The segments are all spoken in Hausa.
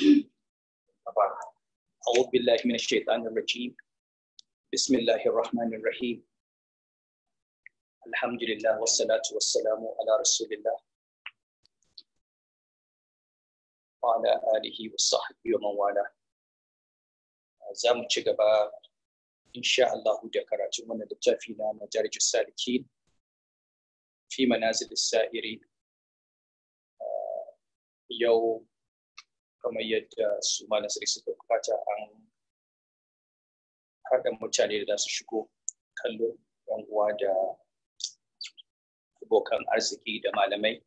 أعوذ بالله من الشيطان الرجيم بسم الله الرحمن الرحيم الحمد لله والصلاة والسلام على رسول الله وعلى آله وصحبه ومن والاه za mu ci gaba insha Allah da karatun wannan littafi na majarijin salikin fi manazil sa'iri yau kamar yadda su ma nasiri suka bukata an haɗa mutane da za su shigo kallo yan uwa da abokan arziki da malamai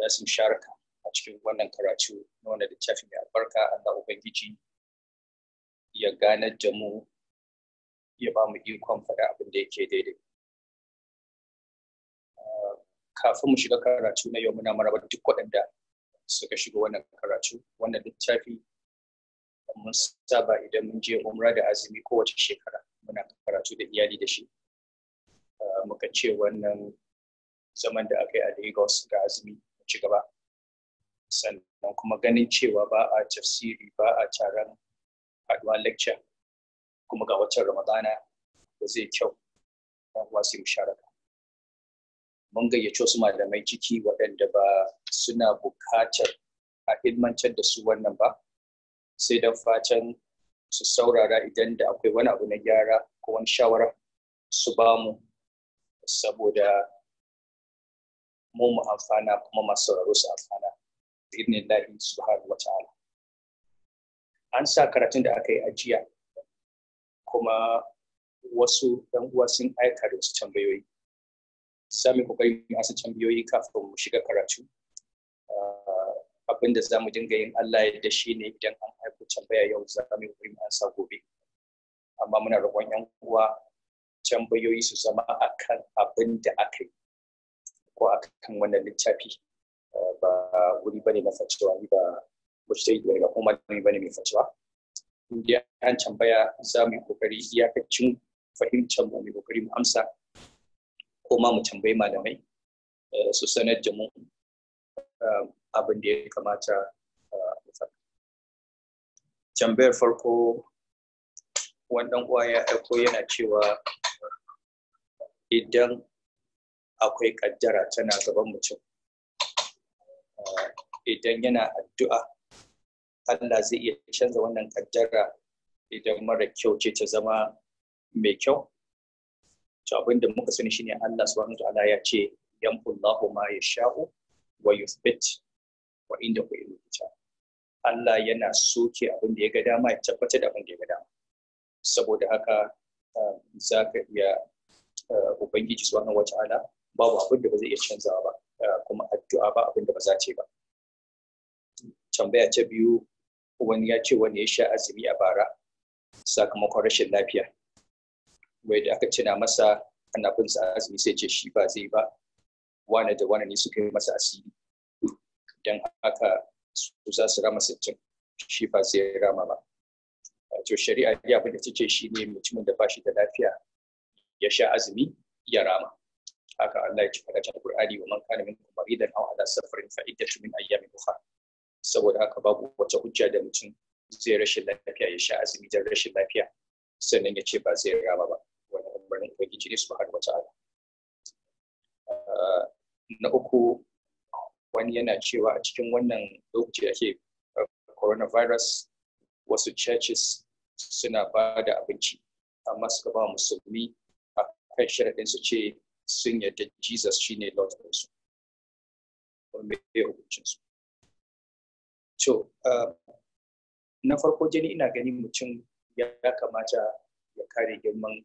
da su sharka a cikin wannan karatu na da tafi mai albarka ga Ubangiji ya gane da mu ya ba mu ikon faɗa abin da yake daidai. Kafin mu shiga karatu na yau muna maraba duk waɗanda suka shiga wannan karatu wannan littafi mun saba idan mun je umra da azumi kowace shekara muna karatu da iyali da shi ah, muka ce wannan zaman da aka yi a lagos ga azumi ci gaba sannan kuma ganin cewa ba a tafsiri ba a taron haduwa lecture kuma ga watan ramadana da zai kyau wasu musharaka mun gayyaci wasu malamai ciki waɗanda ba suna buƙatar a ilmantar da su wannan ba sai don fatan su saurara idan da akwai wani abu na gyara ko wani shawara su ba mu saboda mu amfana kuma masu sauraro su amfana da irin lahi subhanahu wa ta'ala an sa karatun da aka yi ajiya kuma wasu ɗan uwa sun aika da wasu tambayoyi sami kokari mu asa tambayoyi kafin mu shiga karatu ah, abinda za mu dinga yin Allah ya da shi ne idan an haifu tambaya yau za mu yi mu asa gobe amma muna roƙon yan uwa tambayoyi su zama akan abinda da aka yi ko akan wannan littafi ah, ba wuri bane na facewa ni ba mujtahid da ga kuma ni bane mai facewa idan an tambaya za mu yi kokari iyakacin fahimtar mu mu kokari mu amsa ko ma mu tambayi malamai eh, su sanar da mu eh, abin da ya kamata eh, tambayar farko wannan uwa ya aiko yana cewa idan akwai kaddara tana gaban mutum idan yana addu'a Allah zai iya canza wannan kaddara idan mara kyau ce ta zama mai kyau to abin da muka sani shine Allah subhanahu wataala ya ce yamhullahu ma yasha'u wa yuthbit wa inda ku Allah yana soke abin da ya ga dama ya tabbatar da abin da ya ga dama saboda haka um, za ka iya uh, ubangiji subhanahu wataala babu abin da ba zai iya canzawa ba uh, kuma addu'a ba abin da ba za ce ba tambaya ta biyu wani ya ce wani ya sha azumi a bara sakamakon rashin lafiya kuma da aka cina masa ana bin sa azumi sai ce shi ba zai ba wane da wane ne suka yi masa asiri dan haka su za su rama sittin shi ba zai rama ba to shari'a ya abin da take shi ne mutumin da ba shi da lafiya ya sha azumi ya rama haka Allah ya ci fara cikin Qur'ani wa man kana minkum maridan aw ala safarin fa iddatu min ayyamin ukhra saboda haka babu wata hujja da mutum zai rashin lafiya ya sha azumi da rashin lafiya sannan ya ce ba zai rama ba umarnin ubangiji ne wata ala na uku wani yana cewa a cikin wannan lokaci ake ah, coronavirus wasu churches suna ba da abinci amma suka ba musulmi a kan sharaɗin su ce sun yadda jesus shine lord su wanda ah, su na farko jini ina ganin mutum ya kamata ya kare girman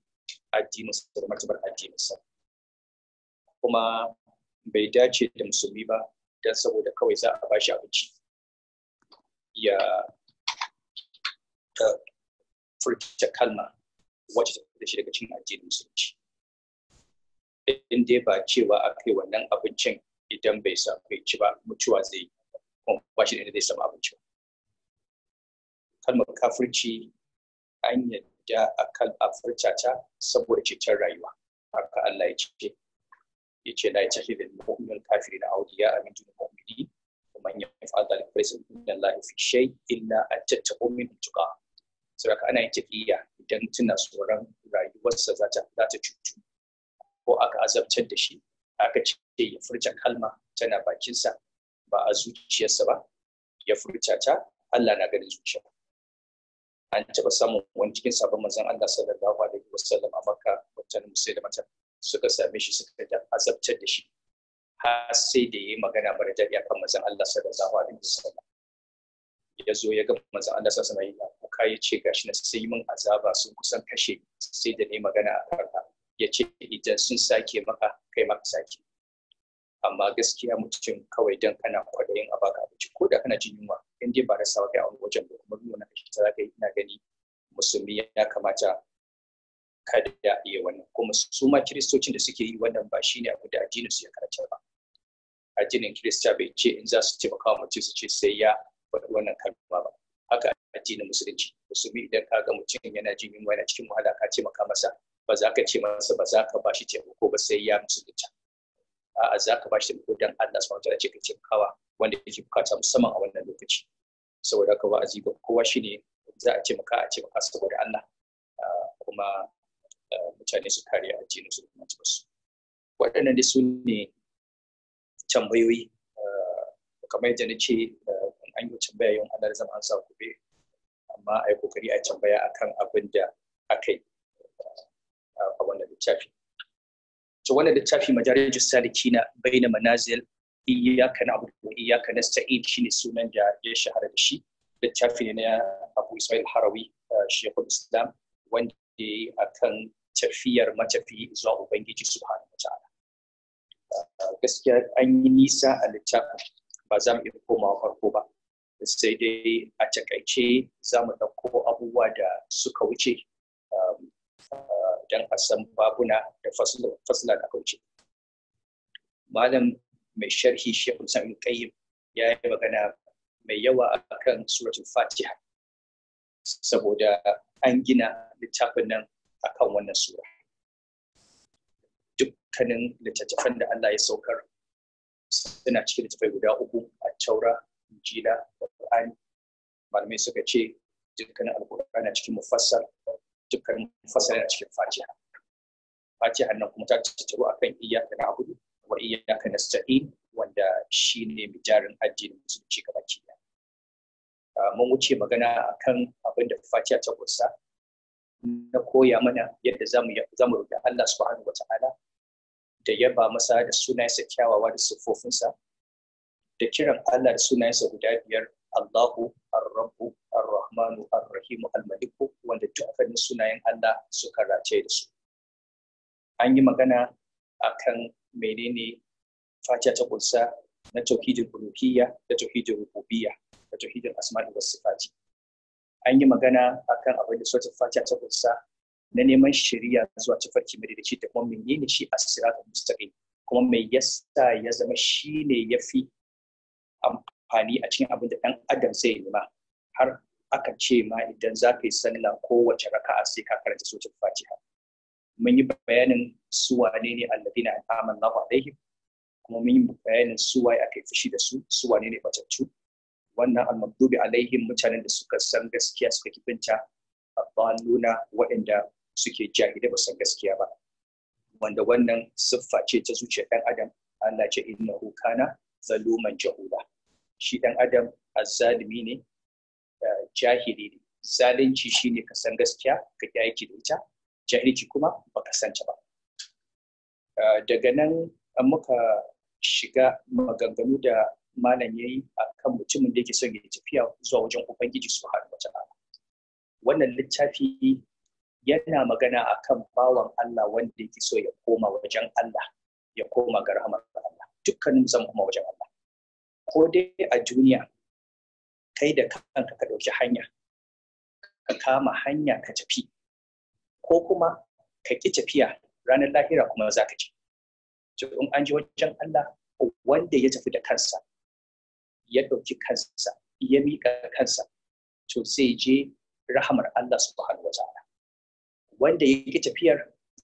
addininsa da martabar addininsa kuma bai dace da musulmi ba don saboda kawai za a bashi abinci ya furta kalma wacce ta shi daga cin addinin musulunci in dai ba cewa a kai wannan abincin idan bai samu ci ba mutuwa zai kuma ba shi da zai samu abinci ba kalmar kafirci an yadda a kan a farcata saboda cikin rayuwa haka Allah ya ce ya ce la yattakhidhu al-mu'minu al-kafirina awliya min dunil mu'minin wa man yaf'al dhalika fa laysa min Allah fi shay illa a min tuqa ka ana yin idan tana tsoron rayuwarsa za ta za ta cutu ko aka azabtar da shi aka ce ya furta kalma tana bakinsa ba a zuciyarsa ba ya furta ta Allah na ganin zuciyarsa an taɓa samun wani cikin sabon manzon Allah sallallahu alaihi wasallam a Makka wacce musai da mata suka same shi suka da azabtar da shi har sai da yayi magana da ya kan manzon Allah sallallahu alaihi wasallam ya zo ya ga manzon Allah sallallahu alaihi wasallam kuka ya ce gashi na sai mun azaba sun kusan kashe sai da yayi magana a kanka ya ce idan sun sake maka kai maka sake amma gaskiya mutum kawai dan kana kwadayin a baka abinci ko da kana jin yunwa in dai ba rasawa kai a wani wajen ba za ka yi ina gani musulmi ya kamata kada ya iya wannan kuma su ma kiristocin da suke yi wannan ba shine abu da addinin su ya karanta ba addinin kirista bai ce in za su taimaka mutum su ce sai ya faɗi wannan kalma ba haka addinin musulunci musulmi idan ka ga mutum yana jin yunwa yana cikin wahala ka taimaka masa ba za ka ce masa ba za ka bashi taimako ba sai ya musulunta a'a za ka bashi taimako don Allah subhanahu wa ta'ala ce ka taimakawa wanda yake bukata musamman a wannan lokaci saboda haka wa'azi ba, kowa shi ne za a ce maka a ce maka saboda Allah ah, kuma ah, mutane su kare addinin su kuma su waɗannan dai su ne tambayoyi ah, kamar yadda na ce an yi tambaya yawan an zama an sa be amma a yi kokari a tambaya akan abin da aka yi a wannan littafi to wannan littafi majalijus salikina baina manazil iyaka na abu iyaka na sa'in shi ne sunan da ya shahara da shi littafi ne na abu ismail harawi eh, shekul islam wanda ya yi a kan tafiyar matafi zuwa ubangiji subhanahu wa ta'ala eh, gaskiya an yi nisa a littafin ba za mu iya komawa farko ba sai dai a takaice za mu ɗauko abubuwa da suka wuce um, eh, don a san babuna da fasula da malam mai sharhi Sheikh Usman Qayyim ya yi magana mai yawa akan suratul Fatiha saboda an gina littafin nan akan wannan sura dukkanin littattafan da Allah ya saukar suna cikin littattafai guda uku a taura injila qur'ani malamai suka ce dukkanin alqur'ani na cikin mufassar dukkanin mufassar na cikin fatiha fatiha nan kuma ta tattaru akan iyaka na hudu wa iyyaka nasta'in wanda shine mijarin addinin ci gaba ki mun wuce magana akan abin da Fatiha ta kusa na koya mana yadda zamu zamu roƙi Allah subhanahu wataala da yaba masa da sunayensa kyawawa da siffofinsa da kiran Allah da sunayensa guda biyar Allahu Ar-Rabbu Ar-Rahmanu Ar-Rahimu Al-Maliku wanda dukkanin sunayen Allah suka race da su an yi magana akan menene fatiha ta kunsa na tauhidin uluhiyya da tauhidin rububiya da tauhidin asma'i was sifati an yi magana akan abin da sautin fatiha ta na neman shari'a zuwa tafarki madadaci da kuma menene shi a siratul mustaqim kuma mai yasa ya zama shi ne ya fi amfani a cikin abin da ɗan adam zai nema har aka ce ma idan za ka yi sallah kowace raka'a sai ka karanta sautin fatiha mun yi bayanin su wane ne alladina aman Allahu alaihim kuma mun yi bayanin su waye aka yi fushi da su su wane ne batattu wannan al-magdubi alaihim mutanen da suka san gaskiya suka kibinta abaluna waɗanda suke jahilai ba san gaskiya ba wanda wannan siffa ce ta zuciyar ɗan adam Allah ce innahu kana zaluman jahula shi ɗan adam azzalimi ne eh, jahili ne zalunci shine ka san gaskiya ka ki aiki da ita jahilci kuma ba baka sance ba ah, daga nan muka shiga maganganu da malam ya yi a kan mutumin da yake son ya tafiya zuwa wajen ubangiji su haɗu wata wannan littafi yana magana a kan bawan Allah wanda yake so ya koma wajen Allah ya koma ga rahamar Allah dukkanin zan koma wajen Allah ko dai a duniya kai da kanka ka ɗauki hanya ka kama hanya ka tafi ko kuma ka ƙi tafiya ranar lahira kuma za ka ci. To in an ji wajen Allah wanda ya tafi da kansa ya ɗauki kansa ya miƙa kansa to sai je rahamar Allah subhanahu wa ta'ala. Wanda ya ƙi tafiyar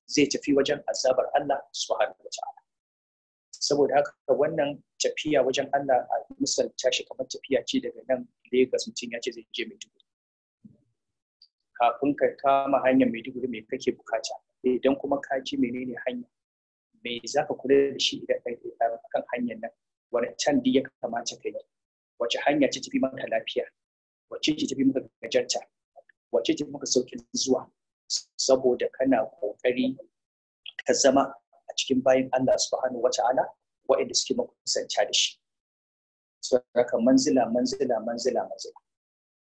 zai tafi wajen azabar Allah subhanahu wa ta'ala. Saboda haka wannan tafiya wajen Allah a misalta shi kamar tafiya ce daga nan Legas mutum ya ce zai je mai Maiduguri. kafin ka kama hanyar maiduguri mai kake bukata eh, idan kuma ka ji menene hanya me za ka kula da shi idan ka yi kan hanyar nan wani can ya kamata ka yi wace hanya ce tafi maka lafiya wace ce tafi maka gajarta wace ce maka saukin zuwa saboda kana kokari ka zama a cikin bayan Allah subhanahu wata'ala waɗanda suke makusanta da shi Sauraka manzila manzila manzila manzila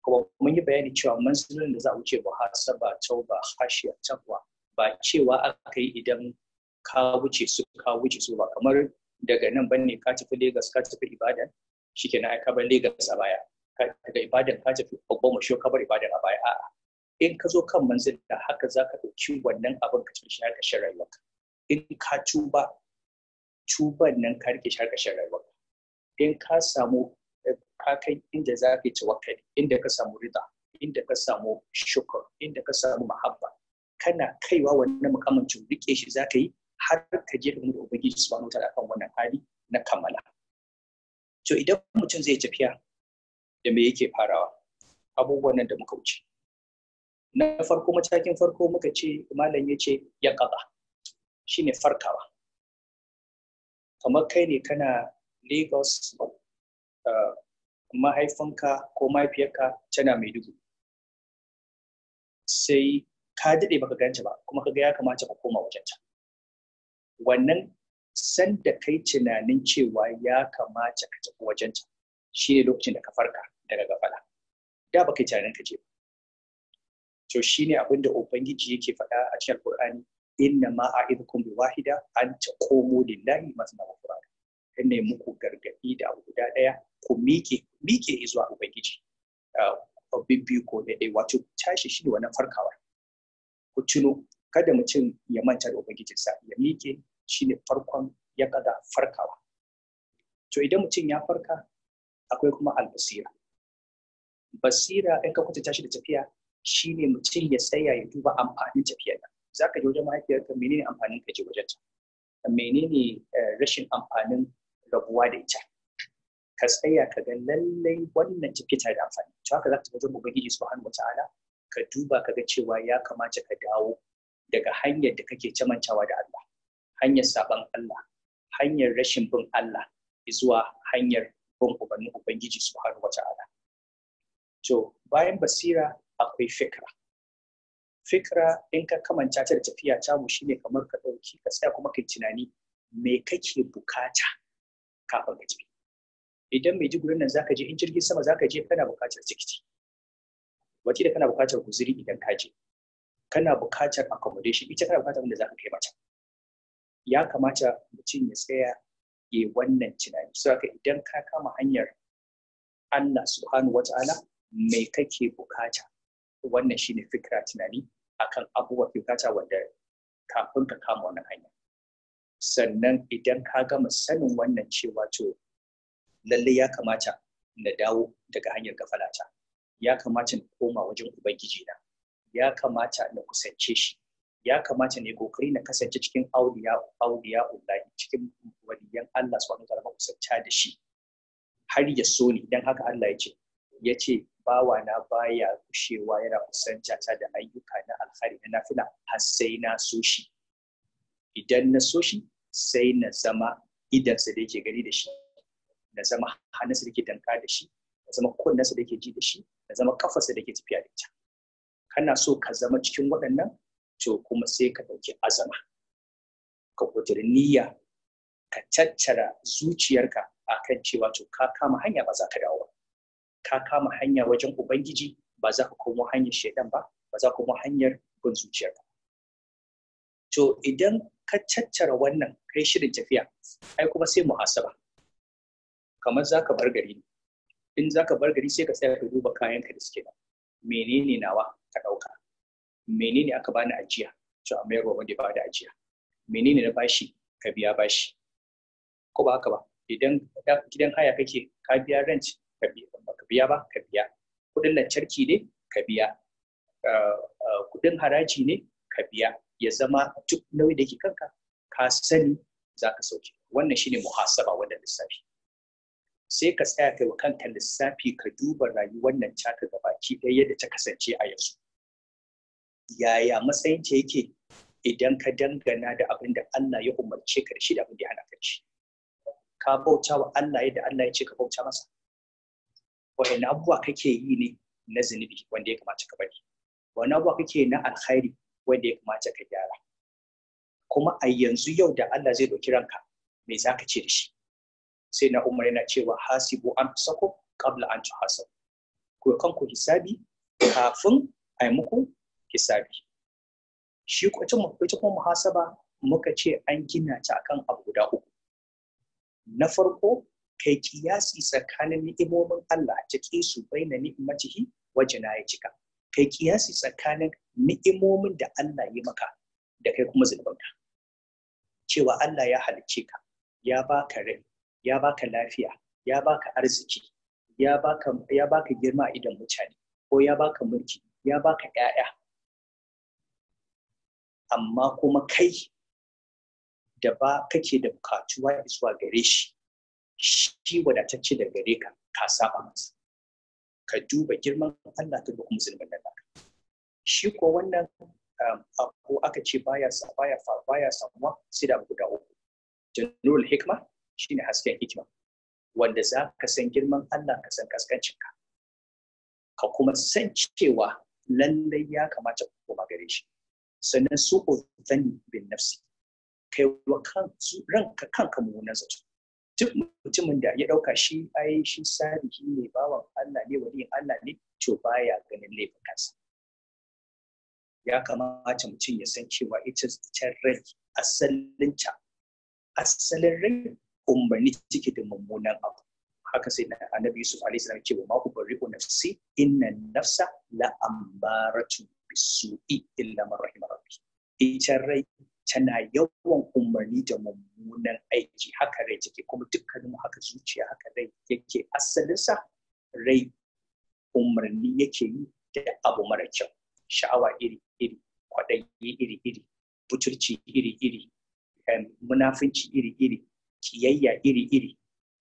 kuma mun yi bayani cewa manzilin da za a wuce muhasaba tauba hashiya takwa ba cewa aka yi idan ka wuce su ka wuce su ba kamar daga nan ban ne ka tafi Lagos ka tafi Ibadan shi ke ai ka bar Lagos a baya daga Ibadan ka tafi Ogboma shi ka bar Ibadan a baya a'a in ka zo kan manzil da haka za ka ɗauki wannan abin ka cikin shi har rayuwarka in ka tuba tuban nan ka rike shi har rayuwarka in ka samu ka kai inda za ka yi tawakkali inda ka samu rida inda ka samu shukur inda ka samu mahabba kana kaiwa wannan mukamin to rike shi za ka yi har ka je da ubangiji subhanahu wataala kan wannan hali na kammala to idan mutum zai tafiya da me yake farawa abubuwan nan da muka wuce na farko matakin farko muka ce malam ya ce ya kaba shine farkawa kamar kai ne kana lagos uh, mahaifinka ko mahaifiyarka tana mai dugu sai ka daɗe baka ganta ba kuma ka ga ya kamata ka koma wajenta wannan sanda kai tunanin cewa ya kamata ka tafi wajenta shi ne lokacin da ka farka daga gafala da baka yi tunanin ka je ba to shi ne abin da ubangiji yake faɗa a cikin Alƙur'ani inna ma a wahida an taqumu lillahi masna wa furada ne muku gargaɗi da abu guda ɗaya ku mike miƙe zuwa ubangiji a ah, bibbi ko wato tashi shi ne wannan farkawa ku tuno kada mutum ya manta da ubangijinsa ya mike shi ne farkon ya kada farkawa to idan mutum ya farka akwai kuma albasira basira in ka kwatanta tashi da tafiya shi ne mutum ya tsaya ya duba amfanin tafiyar nan za ka je wajen mahaifiyarka menene amfanin ka je wajen ta menene eh, rashin amfanin rabuwa da ita ka tsaya ka ga lallai wannan tafiya ta da amfani to haka za ka wajen ubangiji subhanahu wataala ka duba ka ga cewa ya kamata ka dawo daga hanyar da kake camantawa da Allah hanyar saban Allah hanyar rashin bin Allah zuwa hanyar bin ubannin ubangiji subhanahu wataala to bayan basira akwai fikra fikra in ka kamanta ta da tafiya ta mu shine kamar ka ɗauki ka tsaya kuma kai tunani me kake bukata kafin ka tafi idan mai jigurin nan zaka je in jirgin sama zaka je kana buƙatar tikiti Wace da kana buƙatar guzuri idan ka je kana buƙatar accommodation ita kana buƙatar wanda zaka kai mata ya kamata mutum ya tsaya ya wannan tunani so haka idan ka kama hanyar Allah subhanahu wata'ala me kake buƙata wannan shine fikra tunani akan abubuwa buƙata wanda kafin ka kama wannan hanya sannan idan ka gama sanin wannan cewa to lalle ya kamata na dawo daga hanyar gafalata ya kamata na koma wajen ubangiji na ya kamata na kusance shi ya kamata ne kokari na kasance cikin auliya auliya ullahi cikin waliyan Allah subhanahu wataala kusanta da shi har ya so ni idan haka Allah ya ce ya ce bawa na baya kushewa yana kusanta ta da ayyuka na alkhari na nafila har sai na so shi idan na so shi sai na zama idansa da yake gani da shi na zama hannunsa da ke danka da shi na zama kunnensa da ke ji da shi na zama kafarsa da ke tafiya da ita kana so ka zama cikin waɗannan to kuma sai ka ɗauki azama ka ƙudiri niyya ka tattara zuciyarka a kan cewa to ka kama hanya ba za ka dawo ba ka kama hanya wajen ubangiji ba za ka komo hanyar shaidan ba ba za ka komo hanyar bin zuciyarka to idan ka caccara wannan kai shirin tafiya ai kuma sai muhasaba kamar zaka bar gari in zaka bar gari sai ka tsaya ka duba kayan ka da suke da menene nawa ka dauka menene aka bani ajiya to a mayarwa wanda ba da ajiya menene na bashi ka biya bashi ko ba haka ba idan gidan haya kake ka biya rent ka biya ba ka biya kudin lantarki ne ka biya eh, eh, kudin haraji ne ka biya ya zama duk nauyi da ke kanka ka sani za ka sauke wannan shine muhasaba wannan lissafi sai ka tsaya kai wa kanka lissafi ka duba rayuwar nan taka gaba ki ɗaya yadda ta kasance a yanzu yaya matsayin ta yake idan ka dangana da abin da Allah ya umarce ka da shi da abin da ya hana ka shi ka bauta wa Allah yadda Allah ya ce ka bauta masa wa'in abubuwa kake yi ne na zunubi wanda ya kamata ka bari wani abubuwa kake na alkhairi wanda ya kamata ka gyara kuma a yanzu yau da Allah zai ɗauki ranka me za ka ce da shi sai na umar yana cewa hasibu an sako kabla an tuhasabu ku kanku hisabi kafin a yi muku hisabi shi ita kuma muhasaba muka ce an gina ta akan abu guda uku na farko kai kiyasi tsakanin ni'imomin Allah ta su baina ni'imatihi ya cika. kai kiyasi tsakanin ni'imomin da Allah ya maka da kai kuma zunubanka cewa Allah ya halicce ka ya baka rai ya baka lafiya ya baka arziki ya baka ya baka girma idan mutane ko ya baka mulki ya baka ƴaƴa amma kuma kai da ba kake da bukatuwa zuwa gare shi shi wadatacce da gare ka ka saba masa ka duba girman Allah ka kuma zulmin shi ko wannan um, abu aka ce baya sa baya baya samuwa sai da guda uku jalul hikma shine hasken hikima wanda za ka san girman Allah ka san kaskancin ka ka kuma san cewa lallai ya kamata ku koma gare shi sannan su zani bin nafsi kai wa ranka kanka mummunan zato duk mutumin da ya ɗauka shi ai shi sarihi ne bawan Allah ne wani Allah ne to baya ganin laifin kansa ya kamata mutum ya san cewa ita ita rai asalinta asalin rai umarni cike da mummunan abu haka sai na annabi yusuf alaihi salam ce wa ma ubariku nafsi inna nafsa la ambaratu bisu'i illa man rahima rabbi ita rai tana yawan umarni da mummunan aiki haka rai take kuma dukkanin haka zuciya haka rai yake asalinsa rai umarni yake yi da abu mara kyau sha'awa iri-iri kwaɗayi iri-iri butulci iri-iri munafunci iri-iri kiyayya iri-iri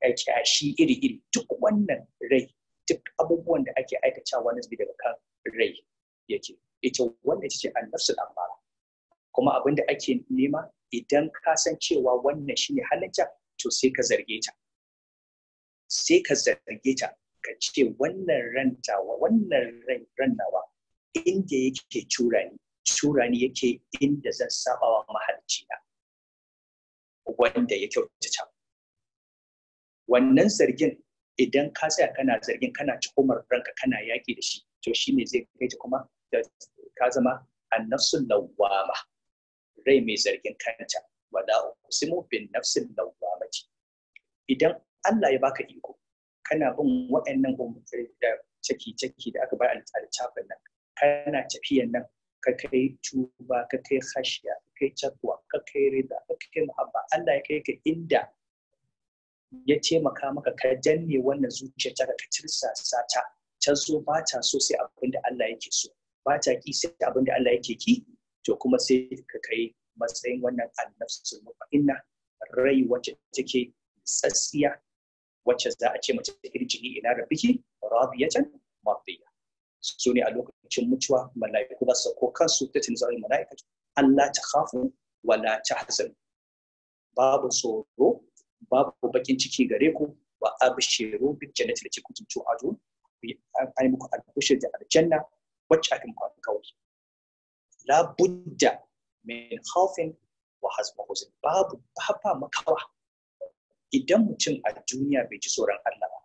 eh, kyashi iri-iri duk wannan rai duk abubuwan da ake aikatawa na zubi daga kan rai yake ita wannan ce annafsul lambara kuma abin da ake nema idan ka san cewa wannan shine halitta to sai ka zarge ta sai ka zarge ta ka ce wannan rantawa wannan ran rannawa inda yake curani curani yake inda zan saba wa mahalicci wanda ya kyautata wannan zargin idan ka tsaya kana zargin kana ci umar ranka kana yaki da shi to shi ne zai kai ta kuma ka zama annafsun lawwama rai mai zargin kanta wala uqsimu bin nafsil ce. idan Allah ya baka iko kana bin waɗannan umarni da da aka bayar a littafin nan kana tafiyan nan ka kai tuba ka kai khashiya ka kai takwa ka kai rida ka kai muhabba Allah ya kai ka inda ya taimaka maka ka danne wannan zuciya ta ka cirsasa ta ta zo ba ta so sai abin da Allah yake so ba ta ki sai abin da Allah yake ki to kuma sai ka kai matsayin wannan annabsul inna rai wacce take tsatsiya wacce za a ce mace irjini ila rabbiki radiyatan mardiya su ne a lokacin mutuwa mala'iku za su sauko kansu ta zaune mala'ika Allah ta khafu wala ta hasan babu tsoro babu bakin ciki gare ku wa abshiru bil jannati lati kuntum tu'adun an muku albishir da aljanna wacce aka muku alkawari la budda min khawfin wa hazma huzn babu ba makawa idan mutum a duniya bai ji tsoron Allah ba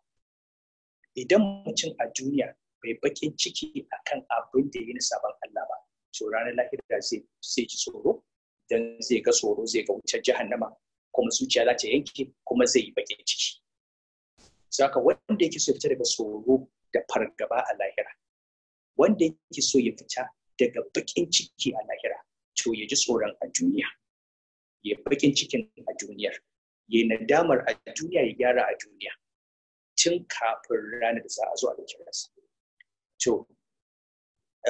idan mutum a duniya Mai bakin ciki akan abin da yi na sabon Allah ba to ranar lahira zai ji tsoro don zai ga tsoro zai ga wutar jahannama kuma zuciya za ta yanke kuma zai yi bakin ciki saka wanda yake so ya fita daga tsoro da fargaba a lahira wanda yake so ya fita daga bakin ciki a lahira to ya ji tsoron a duniya ya bakin cikin a duniyar ya nadamar a duniya ya gyara a duniya tun kafin ranar da za a zo a lokacin rasa to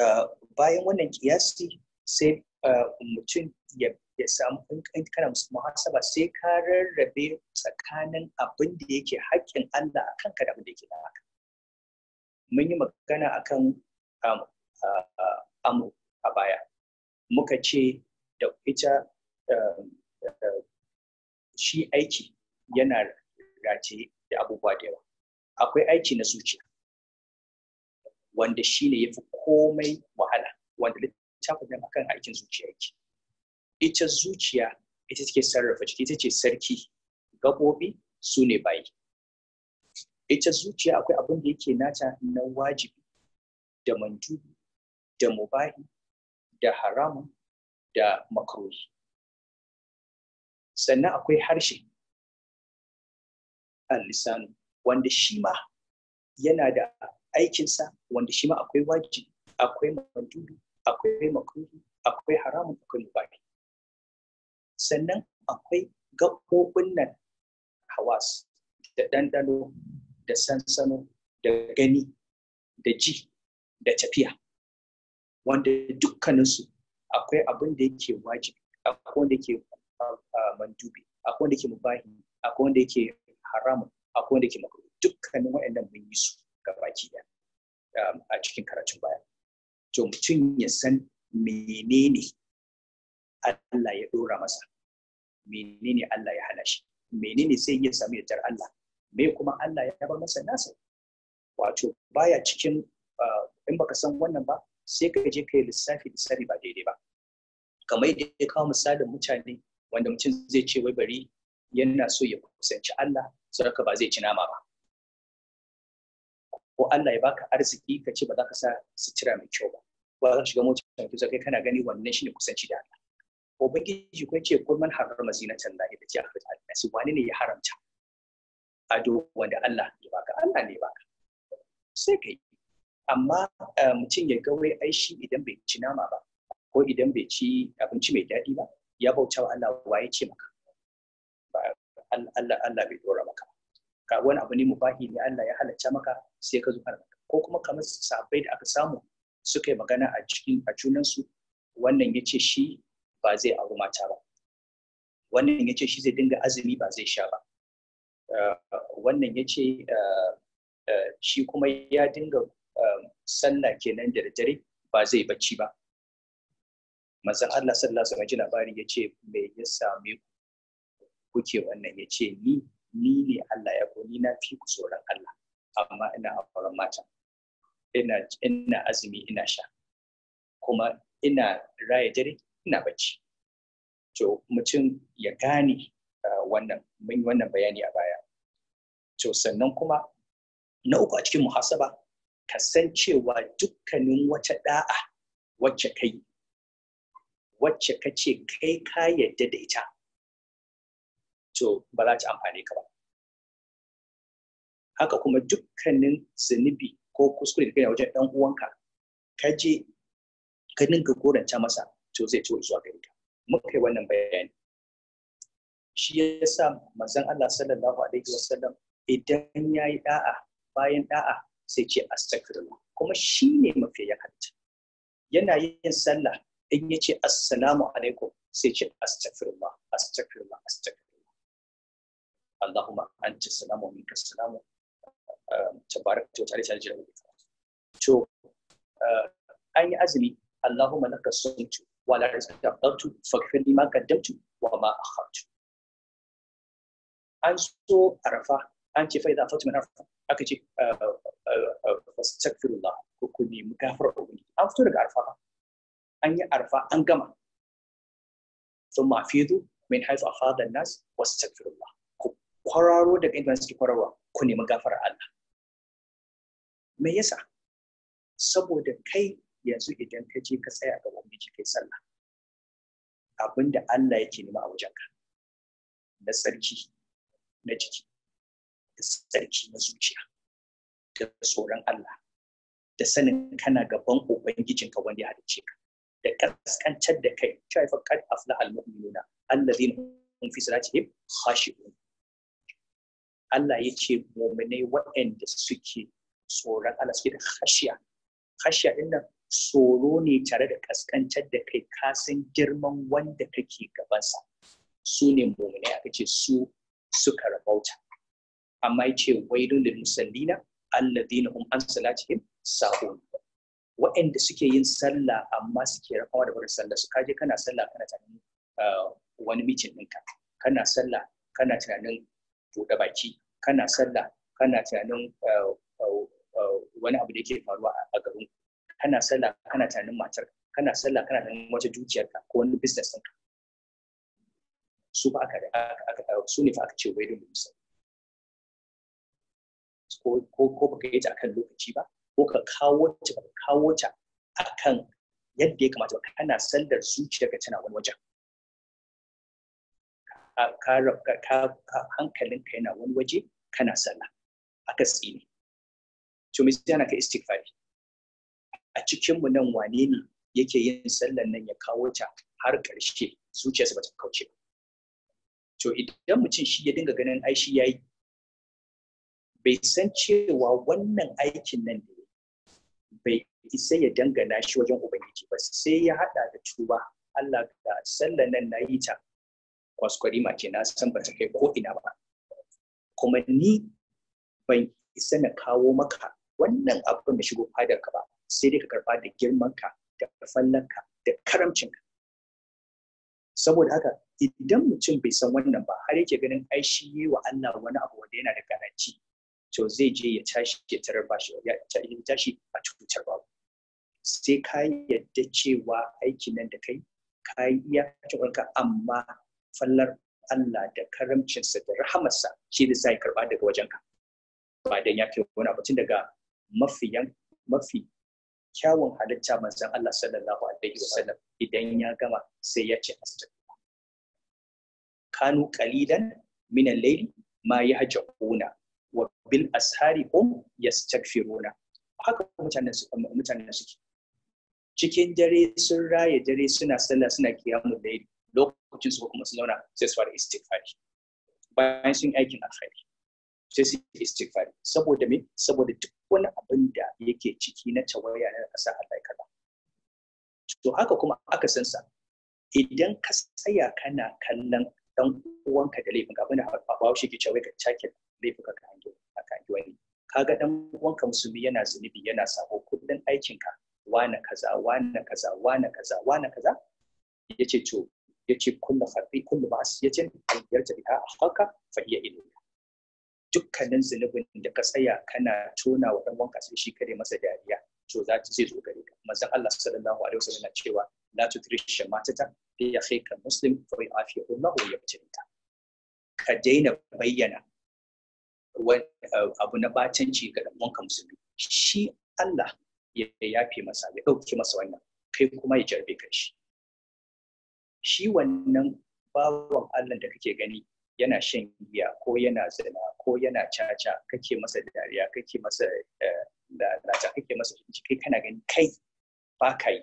uh, bayan wannan kiyasi sai uh, mutum ya samu in kana muhasaba sai ka rarrabe tsakanin abin da yake haƙƙin Allah a kanka da abin da yake da haka mun yi magana a kan um, uh, amu a baya muka ce da ita um, shi aiki yana rataye da abubuwa da yawa akwai aiki na zuciya wanda shi shine yafi komai wahala wanda littafin nan akan aikin zuciya yake ita zuciya ita take sarrafa ciki ita ce sarki gabobi su ne bayi ita zuciya akwai abin da yake nata na wajibi da mandubi da mubahi da haramun da makaroni sannan akwai harshe al-lisanu wanda shi ma yana da aikinsa wanda shi ma akwai waji akwai mandubi akwai makruhi akwai haramun akwai mubaki sannan akwai gaɓoɓin nan hawas da ɗanɗano da sansano da gani da ji da tafiya wanda dukkaninsu akwai abin da yake wajibi akwai wanda yake mandubi akwai wanda yake mubahi akwai wanda yake haramun akwai wanda yake makruhi dukkanin waɗannan mun yi su gabaki ɗaya um, a cikin karatun baya to mutum ya san menene Allah ya ɗora masa menene Allah ya hana shi menene sai ya samu yardar Allah me kuma Allah ya bar masa nasa wato baya cikin uh, in baka san wannan ba sai ka je kai lissafi lissafi ba daidai ba kamar da ya kawo misalin mutane wanda mutum zai ce wai bari yana so ya kusanci Allah saboda ba zai ci nama ba ko Allah ya baka arziki ka ce ba za ka sa sutura mai kyau ba ba za ka shiga mota ta kai kana gani wannan shine kusanci da Allah ko baki shi ko kun man harama zinatan lahi da ji akhrat al-nasi wani ne ya haramta ado wanda Allah ya baka Allah ne ya baka sai kai amma eh, mutum ya gaure ai shi idan bai ci nama ba ko idan bai ci abinci mai daɗi ba ya bauta wa Allah waye ce maka Allah Allah bai dora maka ba ka wani abu ne mubahi ne Allah ya halacce maka sai ka zo haramta ko kuma kamar sabai da aka samu suka yi magana a cikin a su wannan ya shi ba zai auri mata ba wannan ya shi zai dinga azumi ba zai sha ba eh, wannan ya eh, eh, shi kuma ya dinga sallah kenan da dare ba zai bacci ba mazan Allah sallallahu alaihi wasallam ji labari ya ce me ya same ku kuke wannan ya ni ni ne Allah ya ko ni na fi ku tsoron Allah amma ina auren mata ina ina azumi ina sha kuma ina raya dare ina bacci to mutum ya gane ah, wannan mun wannan bayani a baya to sannan kuma na uku a cikin muhasaba ka san cewa dukkanin wata da'a wacce kai wacce ka ce kai ka yadda da ita to ba za ta amfane ka ba haka kuma dukkanin zunubi ko kuskure da kai wajen ɗan uwanka ka je ka dinga goranta masa to zai ci zuwa gari ka muka yi wannan bayani shi yasa manzon Allah sallallahu alaihi wasallam idan yayi ɗa'a bayan ɗa'a sai ce astaghfirullah kuma shine mafi yakanta. yana yin sallah in ya ce assalamu alaikum sai ce astaghfirullah astaghfirullah astaghfirullah اللهم انت السلام ومنك السلام تبارك وتعالى تعالى جلالك to uh, an azumi Allahumma laka suntu wa la istaqbaltu faghfir li ma qaddamtu wa an so arafa an ce fa idza fatima arafa aka ce uh, uh, fastaghfirullah ko ku nemi gafara ubangiji an fito daga arafa an yi arafa an gama ثم افيضوا min حيث افاض الناس واستغفر الله kwararo daga inda suke kwararwa ku nemi gafarar Allah me yasa saboda kai yanzu idan ka je ka tsaya ga wani kai sallah abinda Allah yake nema a wajenka na sarki na jiki da sarki na zuciya da tsoron Allah da sanin kana gaban ubangijinka wanda ya halice ka da kaskantar da kai cewa fa kad Allah zai alladhina hum fi salatihim khashi'un Allah ya ce muminai waɗanda suke tsoron Allah suke da hashiya hashiya ɗin nan tsoro ne tare da kaskantar da kai kasan girman wanda kake gabansa su ne muminai aka ce su suka rabauta amma ya ce wailun lil musallina dina hum an salatihim sahun waɗanda suke yin sallah amma suke rabawa da barin sallah su kaje kana sallah kana tunanin ah, wani mijin ɗinka kana sallah kana tunanin buɗe baki kana sallah kana tunanin eh, eh, eh, wani abu da yake faruwa a garin kana sallah kana tunanin matar kana sallah kana tunanin wata dukiyarka ko wani business ɗinka su ba aka su ne fa aka ce waidun musa ko ko baka yi ta akan lokaci ba ko ka kawo ta ka kawo ta akan yadda ya kamata ba kana sallar zuciyarka tana wani wajen ka yana wani waje kana sallah aka tsine to me yana ka istighfari a cikinmu nan wane ne yake yin sallan nan ya kawo ta har ƙarshe zuciyarsa ba ta kauce ba to idan mutum shi ya dinga ganin ai shi yayi bai san cewa wannan aikin nan ne bai isa ya dangana shi wajen ubangiji ba sai ya hada da tuba Allah ga sallan nan na yi ta kwaskwarima ce na san ba ta kai ko ina ba kuma ni ban isa na kawo maka wannan abin da shigo fadar ka ba sai dai ka karba da girman ka da ka da karamcin ka saboda haka idan mutum bai san wannan ba har yake ganin ai shi yi wa Allah wani abu wanda yana da garanci to zai je ya tashi ya tarar bashi ya tashi a cutar babu sai ka yadda cewa aiki nan da kai ka yi iya amma fallar Allah da karamcinsa da rahamarsa shi da sai karba daga wajenka ba dan ya kai wani abu daga mafi kyawun halitta manzon Allah sallallahu alaihi wasallam idan ya gama sai ya ce astaghfirullah kanu qalilan min al-layli ma yahjuna wa bil ashari hum yastaghfiruna haka mutanen mutanen suke cikin dare sun raye dare suna sallah suna kiyamul layli lokacin su kuma sun zauna sai su fara istighfari bayan sun aikin alkhairi sai su istighfari saboda me saboda duk wani abin da yake ciki na tawaya na kasa Allah ya kaza to haka kuma aka san sa idan ka tsaya kana kallon dan uwanka da laifin abin da bawo shi ke cewa ka take laifin ka hangi ka hangi wani kaga dan uwanka musulmi yana zunubi yana sabo kullun aikin ka wani kaza wani kaza wani kaza wani kaza yace to yace kullu khafi kullu ma'asiyatin an ta haka fa iya ilayka dukkanin zunubin da ka tsaya kana tona wa dan wanka sai shi kare masa dariya to za ta zo gare ka mazan Allah sallallahu alaihi wasallam yana cewa la tutrish matata bi akhika muslim fa yafiyahu Allah wa ta. ka daina bayyana eh, abu na batanci ga ɗan wanka musulmi shi Allah ya yafe masa ya dauke masa wannan kai kuma ya jarbe ka shi shi wannan bawan Allah da kake gani yana shan giya ko yana zina ko yana caca kake masa dariya kake masa eh, lalata kake masa kai kana gani kai ba ka yi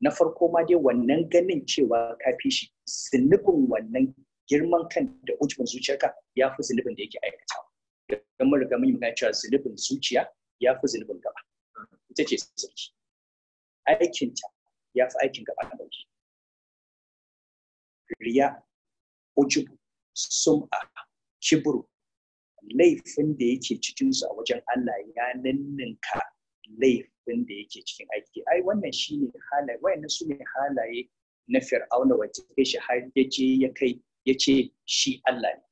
na farko ma dai wannan ganin cewa ka fi shi zunubin wannan girman kan da ujibin zuciyarka ya fi zunubin da yake aikatawa don mun riga mun yi cewa zunubin zuciya ya fi zunubin gaba ita ce sarki aikinta ya fi aikin gaba na bauki riya ujubu sum'a kibru laifin da yake cikinsu a wajen Allah ya ninninka laifin da yake cikin aiki ai wannan shine halaye wayannan su ne halaye na fir'auna wacce kai shi har ya je ya kai ya ce shi Allah ne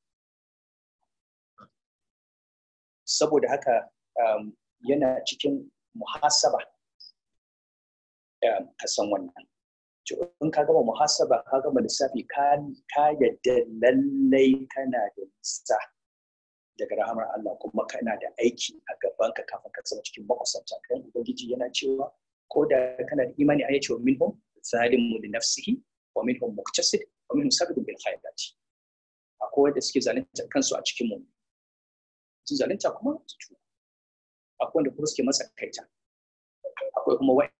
saboda haka um, yana cikin muhasaba um, ka san wannan to in ka gama muhasaba ka gama lissafi ka yadda lallai kana da nisa daga rahamar Allah kuma kana da aiki a gaban ka kafin ka zama cikin makusanta kan ubangiji yana cewa ko da kana da imani a yace minhum zalimu li nafsihi wa minhum muqtasid wa minhum sabiqun bil khairat akwai wanda suke zalunta kansu a cikin mu su zalunta kuma su akwai wanda kuma suke kaita akwai kuma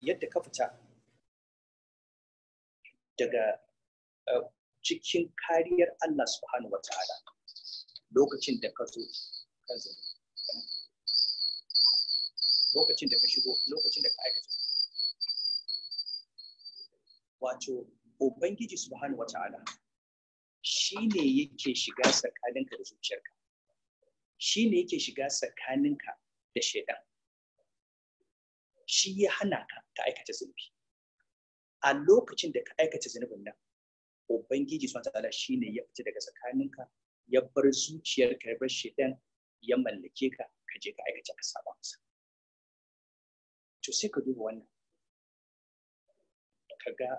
yadda ka fita daga eh, cikin kariyar Allah subhanahu ta'ala), lokacin da ka zo kan lokacin da ka shigo lokacin da ka aikata wato ubangiji subhanahu shi shine yake shiga tsakaninka da zuciyarka shine yake shiga tsakaninka da shaidan shi ya hana ka ka aikata zunubi a lokacin da ka aikata zunubin nan ubangiji subhanahu ta'ala shine ya fita daga tsakaninka ya bar zuciyar ya bar shedan ya mallake ka ka je ka aikata ka masa to sai ka duba wannan ka ga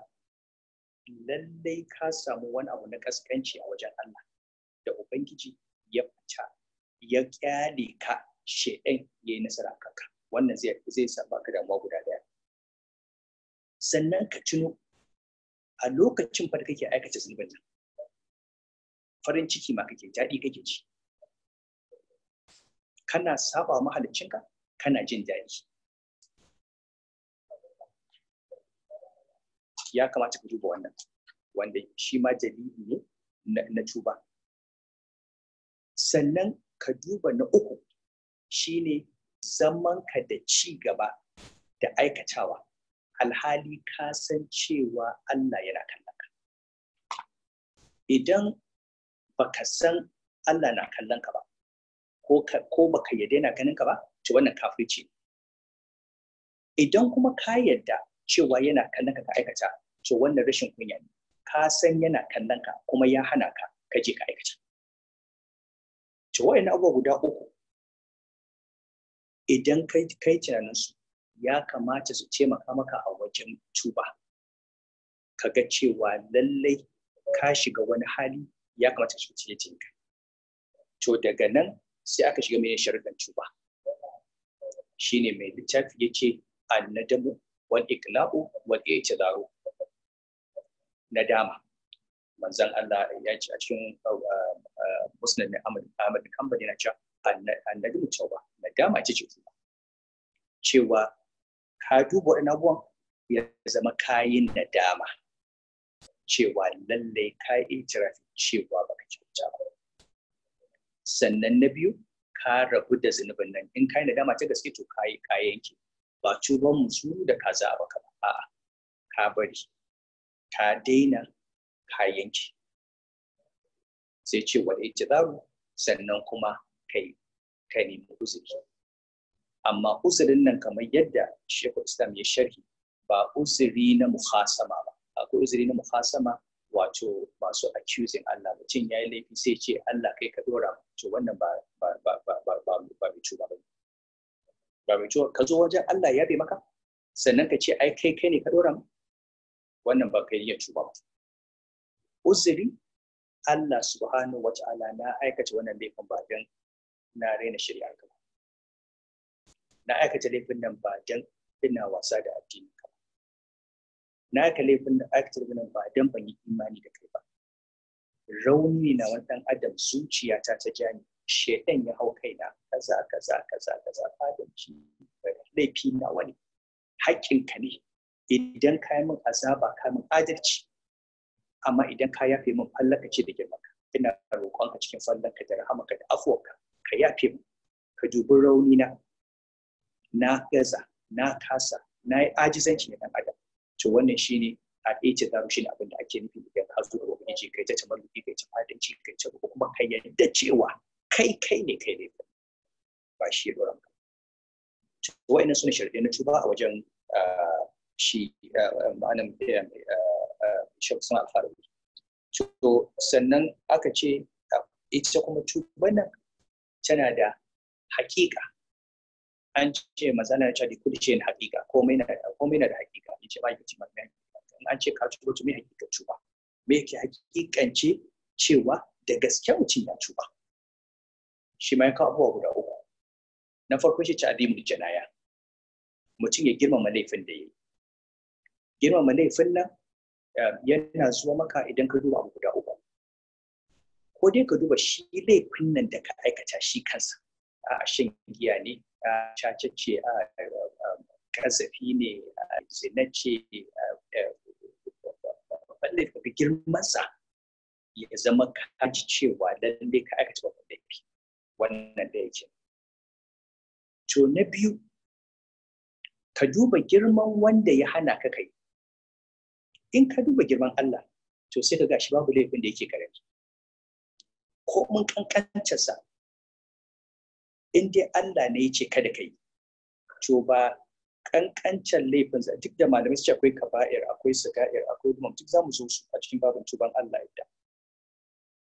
lallai ka samu wani abu na kaskanci a wajen Allah da ubangiji ya fita ya kyale ka shedan yi nasara kanka wannan zai zai sa baka damuwa guda daya sannan ka tuno a lokacin fa da kake aikata zunubin nan farin ciki ma kake daɗi kake ci kana saba ka kana jin daɗi ya kamata ka duba wannan wanda shi ma dalili ne na tuba sannan ka duba na uku shine Zamanka da ci gaba da aikatawa alhali ka san cewa Allah yana kallon ka idan baka san Allah na kallon ka ba ko baka yadda yana ganin ka ba to wannan ce. idan kuma ka yadda cewa yana kallon ka ka aikata to wannan rashin kunya ne ka san yana kallon ka kuma ya hana ka ka je ka aikata to wa'in abubuwa guda uku idan kai tunanin su ya kamata su ce maka a wajen tuba ka ga cewa lallai ka shiga wani hali ya kamata su ce tinka to daga nan sai aka shiga mai sharuɗan tuba shine mai littafi ya yace annadamu wal iqla'u wal i'tidaru nadama manzon Allah ya ce a cikin uh, uh, musnad Ahmad Ahmad na cewa annabi mu tauba nadama ce ce kuma. cewa ka duba waɗannan abubuwan ya zama kayin nadama cewa lallai ka itirafi cewa baka kyauta ba sannan na biyu ka rabu da zunubin nan in kai nadama ta gaske to kayi kayan ki ba tuban musu da kaza ba ka a'a ka bari ka daina kayan ki sai ce wa itizaru sannan kuma kai kai nemi uzuri amma uzurin nan kamar yadda shekul islam ya sharhi ba uzuri na muhasama ba akwai uzuri na muhasama wato masu accusing Allah mutum ya yi laifi sai ce Allah kai ka dora to wannan ba ba ba ba ba ba ba ba ba ba mai ciwo ka zo wajen Allah ya bai maka sannan ka ce ai kai kai ne ka dora mu wannan ba kai ya cuba ba uzuri Allah subhanahu wa ta'ala na aikata wannan laifin ba dan na raina shirya ka na aikata laifin nan ba dan ina wasa da addini ka na aikata laifin da aikata laifin nan ba dan ban yi imani da kai ba rauni na wani adam zuciyata ta jani shedan ya hau kaina kaza kaza kaza kaza ci laifi na wani haƙƙin ka ne idan ka yi min azaba ka min adalci amma idan ka yafe min fallaka ce da girmanka ina roƙon a cikin fallaka da rahama ka da afuwarka ka yafe mu ka dubi rauni na na gaza na kasa na yi ajizanci ne dan adam to wannan shine a ɗaice zaru shine abin da ake nufi da ka zo ga ubangiji kai ta tamalluki kai ta ci kai ta kuma kai yadda cewa kai kai ne kai ne ba shi ya ka to wa'annan suna sharɗe na tuba a wajen shi ma'anan shan alfarin to sannan aka ce ita kuma tuba nan tana da haƙiƙa an ce matsalar ta da ce na haƙiƙa komai na da komai na da haƙiƙa An ce ba ki ci magana an ce ka tuba to me haƙiƙa tuba me yake haƙiƙance cewa da gaske mutum ya tuba shi mai ka abuwa guda uku na farko shi ta'zimul janaya mutum ya girmama laifin da ya yi girmama laifin nan eh, yana zuwa maka idan ka duba abu guda ko dai ka duba shi laifin nan da ka aikata shi kansa a shan giya ne a ce a kasafi ne a zinace wanda ka girmansa ya zama ka ji cewa lalle ka aikata babban laifi wannan da yake to na biyu ka duba girman wanda ya hana ka kai in ka duba girman Allah to sai ka shi babu laifin da yake karami komin mun kankancinsa in dai Allah ne ya ce kada yi to ba kankancin laifinsa duk da malamai su ce akwai kaba'ir akwai saga'ir akwai dumam duk zamu zo su a cikin babin tuban Allah yadda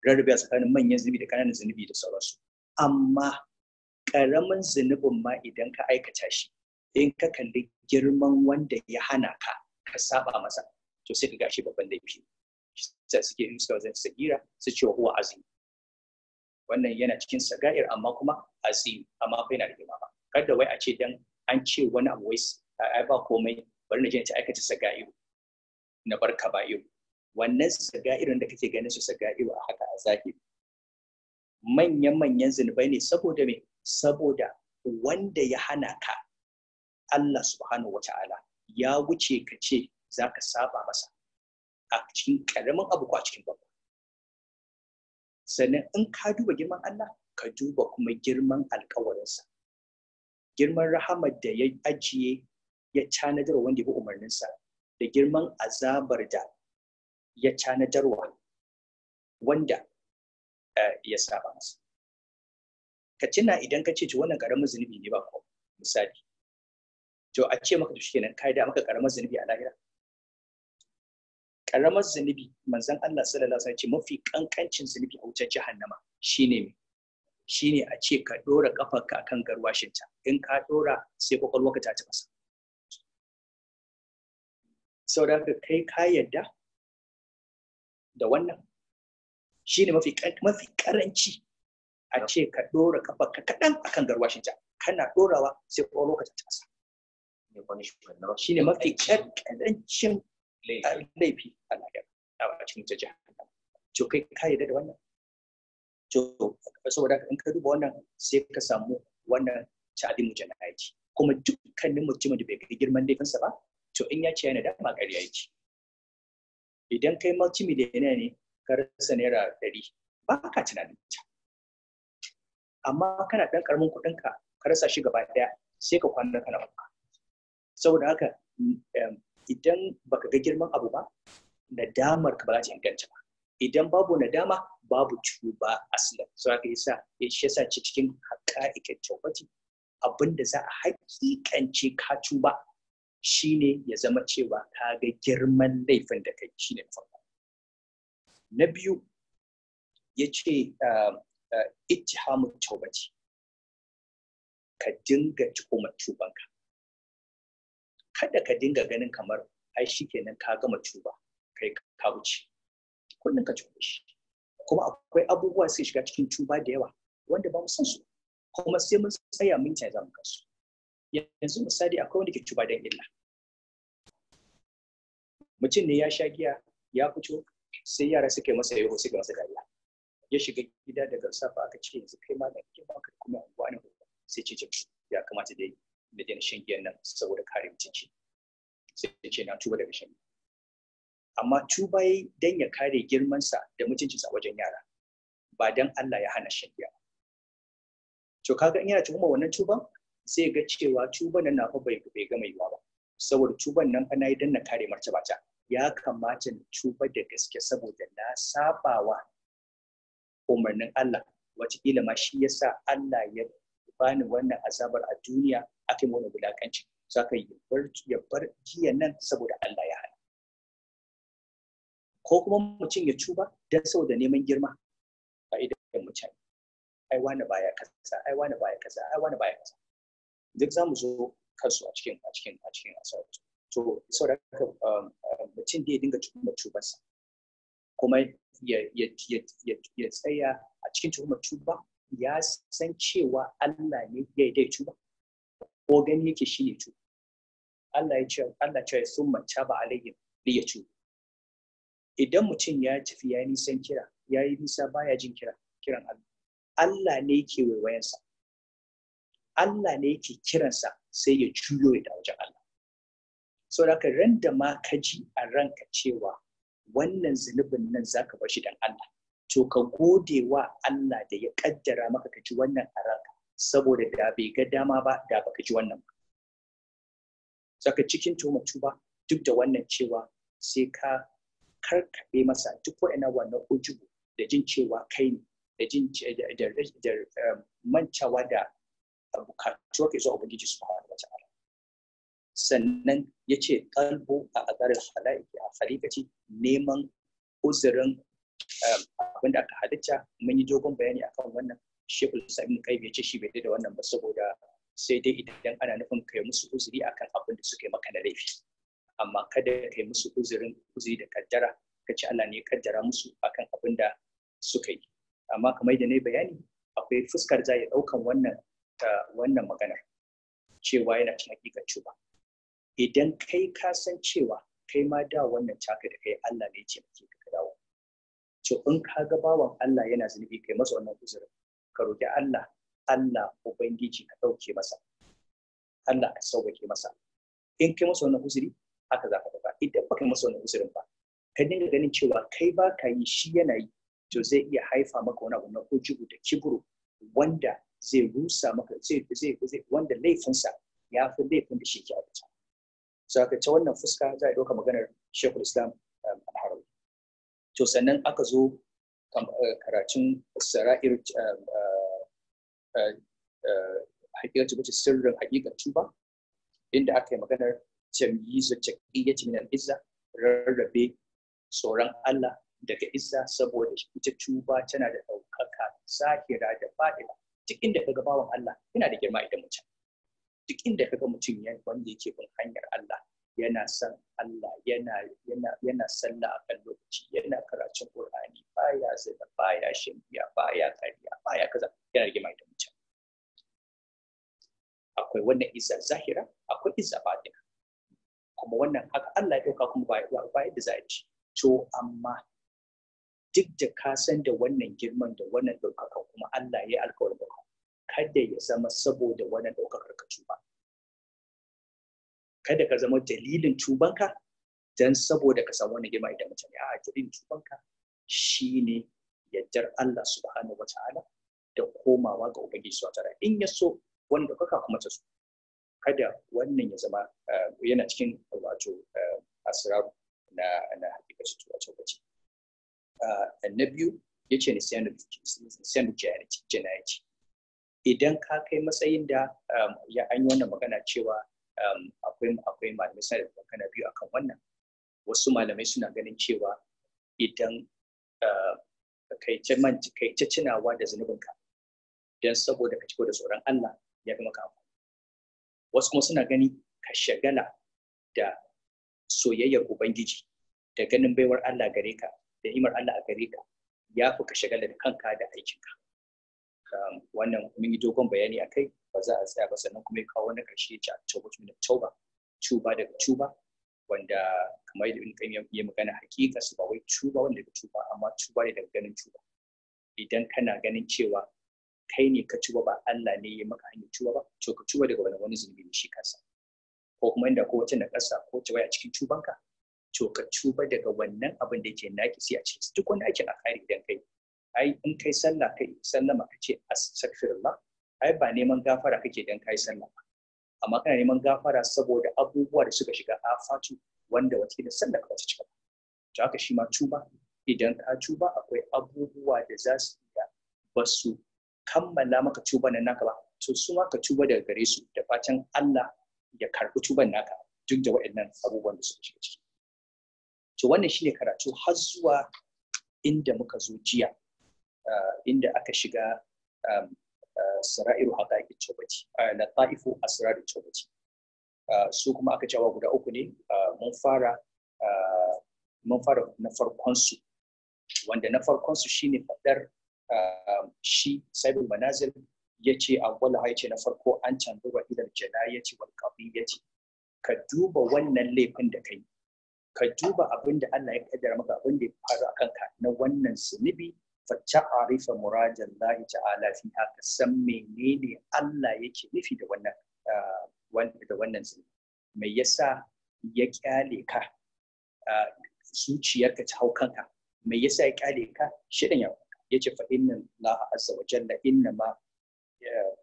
rarrabe a tsakanin manyan zunubi da kananan zunubi da sauransu amma karamin zunubin ma idan ka aikata shi in ka kalli girman wanda ya hana ka ka saba masa to sai ka gashi babban laifi sai suke in suka zai sagira su ce huwa azumi wannan yana cikin saga'ir amma kuma asiri, amma kai yana da imama kada wai a ce dan an ce wani abu wai ai ba komai bari na je ta aikata saga'iru na bar kaba'iru wannan saga'irun da kake ganin su saga'iru a haka a zahiri manyan manyan zunubai ne saboda me saboda wanda ya hana ka Allah subhanahu wata'ala ya wuce ka ce za ka saba masa a cikin karamin abu ko a cikin babba sannan in ka duba girman Allah ka duba kuma girman alkawarinsa girman rahamar da ya ajiye ya canadarwa wanda ya bi umarninsa da girman azabar da ya canadarwa wanda eh, ya saba masa ka tuna idan ka ce wannan karamin zunubi ne ba ko misali to a ce maka to shikenan kai da maka karamin zunubi a lahira karamar zunubi manzon Allah sallallahu alaihi wasallam mafi kankancin zunubi a wutar jahannama shine me shine a ce ka dora kafarka akan ta in ka dora sai kwakwalwarka ta taɓa sa saboda kai ka yadda da wannan shine mafi mafi karanci a ce ka dora kafarka kaɗan akan ta kana dorawa sai kwakwalwarka ta taɓa sa shine mafi karancin laifi a ta to kai ka wannan to ka duba wannan sai ka samu wannan ta'adimu jana'i kuma dukkanin mutumin da bai kai girman laifinsa ba to in ya ce yana da ma idan kai multi da ne ka rasa naira ɗari ba ka amma kana ɗan ƙaramin kuɗinka ka rasa shi gaba ɗaya sai ka kwana kana kuka saboda haka mm, idan baka ga girman abu ba nadamar ka ba za ta inganta ba idan babu nadama babu tuba aslan so haka yasa shi yasa ci cikin haƙa'ikin tawbati abinda za a haƙiƙance ka tuba shine ya zama cewa ka ga girman laifin da kai shine farko na biyu ya ce um, uh, ittihamu tawbati ka dinga tuba tubanka kada ka dinga ganin kamar ai shikenan ka gama cuba kai ka wuce kullum ka cuba shi kuma akwai abubuwa sai shiga cikin tuba da yawa wanda ba mu san su kuma sai mun tsaya mun canza mu kasu yanzu misali akwai wanda ke cuba dan illa mutum ne ya sha giya ya fito sai yara suke masa yaro suke masa dariya ya shiga gida daga safa aka ce yanzu kai ma da ba ka kuma wani ne sai ce ya kamata dai da daina shan giyan nan saboda kare mutunci sai ya ce na tuba daga shan amma tuba yi dan ya kare girman sa da mutuncinsa wajen yara ba dan Allah ya hana shan giya to kaga in yana tuba wannan tuban zai ga cewa tuban nan na fa bai bai gama yiwa ba saboda tuban nan fa nayi dan na kare martabata ya kamata na tuba da gaske saboda na sabawa umarnin Allah wataƙila ma shi yasa Allah ya bani wannan azabar a duniya akai mana wulakanci saka ya bar jiyan nan saboda Allah ya hana ko kuma mutum ya cuba don saboda neman girma a idan mutum. ai wani baya kasa ai wani baya kasa ai wani baya kasa duk za mu zo kansu a cikin a cikin a cikin asar to saboda haka um, um, mutum da ya dinga tuhumar tubarsa kuma ya ya ya ya tsaya a cikin tuhumar tuba ya san cewa Allah ne ya dai tuba ko gani yake shi ya tuba Allah ya ce Allah ce ya summa ba alayhi li ya tuba idan mutum ya tafi ya nisan kira ya yi nisa baya jin kira kiran Allah Allah ne yake waiwayansa Allah ne yake kiransa sai ya juyo ya dawo wajen Allah so da ka randa ma ka ji a ranka cewa wannan zunubin nan zaka bar shi dan Allah to ka gode wa Allah da ya kaddara maka ka ji wannan a saboda da bai ga dama ba da baka ji wannan ba saka cikin tumatu ba duk da wannan cewa sai ka karkaɓe masa duk wa'ina wannan ujubu da jin cewa kai ne da jin da mancawa da um, ke zuwa ubangiji subhanahu wa ta'ala sannan ya ce kalbo a azarar halaiki a halikaci neman uzurin Um, abin da aka halitta mun yi dogon bayani akan wannan shekul sa'im kai bai ce shi bai da wannan ba saboda sai dai idan ana nufin kai musu uzuri akan abin da suka yi maka na laifi amma kada kai musu uzurin uzuri da kaddara ka ci Allah ne kaddara musu akan abin da suka yi amma kamar da na bayani akwai fuskar za ya ɗaukan wannan wannan maganar cewa yana cin hakikar cuba idan kai ka san cewa kai ma da wannan caka da kai Allah ne ce to in ka ga bawan Allah yana zunubi kai masa wannan uzurin ka roki Allah Allah ubangiji ka dauke masa Allah ka sauke masa in kai masa wannan uzuri haka za ka dauka idan baka masa wannan uzurin ba ka dinga ganin cewa kai ba ka yi shi yana yi to zai iya haifa maka wani abu na ujubu da kibru wanda zai rusa maka zai zai wanda laifinsa ya fi laifin da shi ke abuta so aka ta wannan fuska za a ɗauka maganar shekul islam to sannan aka zo eh, karatun sara'ir eh, eh, hakikatu bace sirrin hakikatu ba inda aka yi maganar tamyizu taqiyyati min izza rarrabe tsoron Allah daga izza saboda ita tuba tana da ɗaukaka zahira da fa'ila duk inda ga bawan Allah yana da girma idan mutum duk inda ga mutum ya wanda yake bin hanyar Allah yana son Allah yana yana yana sallah kan lokaci yana karatun Qur'ani baya zina baya shan giya baya kariya baya kaza yana rigima da mutum. akwai wannan izza zahira akwai izza batina kuma wannan haka Allah ya dauka kuma ba yadda za ci to amma duk da ka san da wannan girman da wannan daukaka kuma Allah ya alkawarin ka kada ya zama saboda wannan daukakar ka ba kada ka zama dalilin tubanka dan saboda ka samu wani girma idan mutane a dalilin tubanka shine yaddar Allah subhanahu wataala da komawa ga ubangiji su tara. in ya so wanda kaka kuma ta so kada wannan ya zama eh, yana cikin wato eh, asrar na na su wato bace eh, na biyu yace ni sai na idan ka kai matsayin da ya an yi wannan magana cewa Um, akwai akwai malamai suna da magana biyu akan wannan wasu malamai suna ganin cewa idan uh, kai ta cinawa da zunubinka don saboda ka ciko da tsoron Allah ya fi maka amfani wasu kuma suna gani ka shagala da soyayyar ubangiji da ganin baiwar Allah gare ka da himar Allah a gare ka ya fi ka shagala da kanka da aikinka Um, wannan mun yi dogon bayani a kai ba za a tsaya ba sannan kuma ya kawo na ƙarshe ta ce October to October tuba daga tuba wanda kamar yadda Ibn Qayyim ya magana hakika su ba wai tuba wanda daga tuba amma tuba ne daga ganin tuba idan kana ganin cewa kai ne ka tuba ba Allah ne ya maka hanyar tuba ba to ka tuba daga wani wani zunubi ne shi kansa ko kuma inda ko wata nakasa ko ta waya cikin tubanka to ka tuba daga wannan abin da yake naki sai a cikin duk wanda ake a kare idan kai ai in kai sallah kai sallama ka ce astaghfirullah ai ba neman gafara kake dan kai sallah ba amma kana neman gafara saboda abubuwa da suka shiga afatu wanda wata da sallah ka ta cika to haka shi ma tuba idan ka tuba akwai abubuwa da za su iya ba su kammala maka tuba nan naka ba to su ma ka tuba daga gare su da fatan Allah ya karbi tuban naka duk da waɗannan abubuwan da suka shiga ciki to wannan shine karatu har zuwa inda muka zo jiya inda aka shiga sara'iru haƙaƙin cobaci na ta'ifu a sara'iru cobaci su kuma aka cewa guda uku ne mun fara na farkonsu wanda na farkonsu shine faɗar shi saibin manazir ya ce awwala ya ce na farko an canza wa ilar jana ya ce kafin ya ce ka duba wannan laifin da kai ka duba abin da Allah ya kaddara maka abin da ya faru akan ka na wannan zunubi a arifa murajan lahi ta'ala fi haka san menene Allah yake nufi da wannan ah, da wannan zina me yasa ya kyale ka ah, zuciyarka ta hau kanka me yasa ya kyale ka shirin yau yace fa inna Allah azza wa jalla inna ma ah,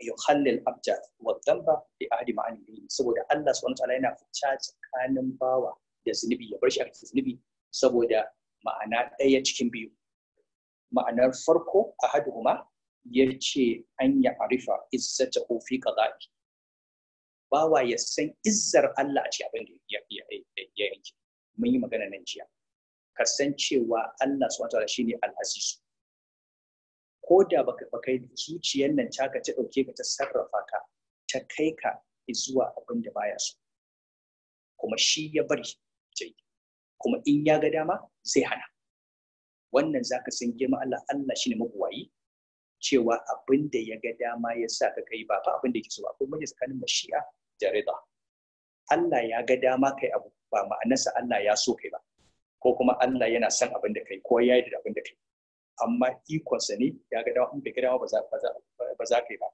yukhallil abda wa dhanba bi ahli ma'anihi saboda Allah subhanahu wa ta'ala yana fitta tsakanin bawa da zunubi ya bar shi a zunubi saboda ma'ana ɗaya cikin biyu ma'anar farko a ahaduhuma ya ce an ya arifa izzata fi qada'i bawa ya san izzar Allah a ce abin da ya yanke mun yi magana nan jiya ka san cewa Allah su wata shi ne aziz ko da baka baka zuciyar nan taka ta dauke ka ta sarrafa ka ta kai ka zuwa abin da baya so kuma shi ya bari kuma in ya ga dama zai hana wannan zaka san girman Allah Allah shine mabuwayi cewa abin da ya ga dama ya sa ka kai ba fa abin da yake so akwai manya tsakanin mashi'a da rida Allah ya ga dama kai abu ba ma'anarsa Allah ya so kai ba ko kuma Allah yana son abin da kai ko ya yi da abin da kai amma ikonsa ne ya ga dama in bai ga dama ba za ba ka yi ba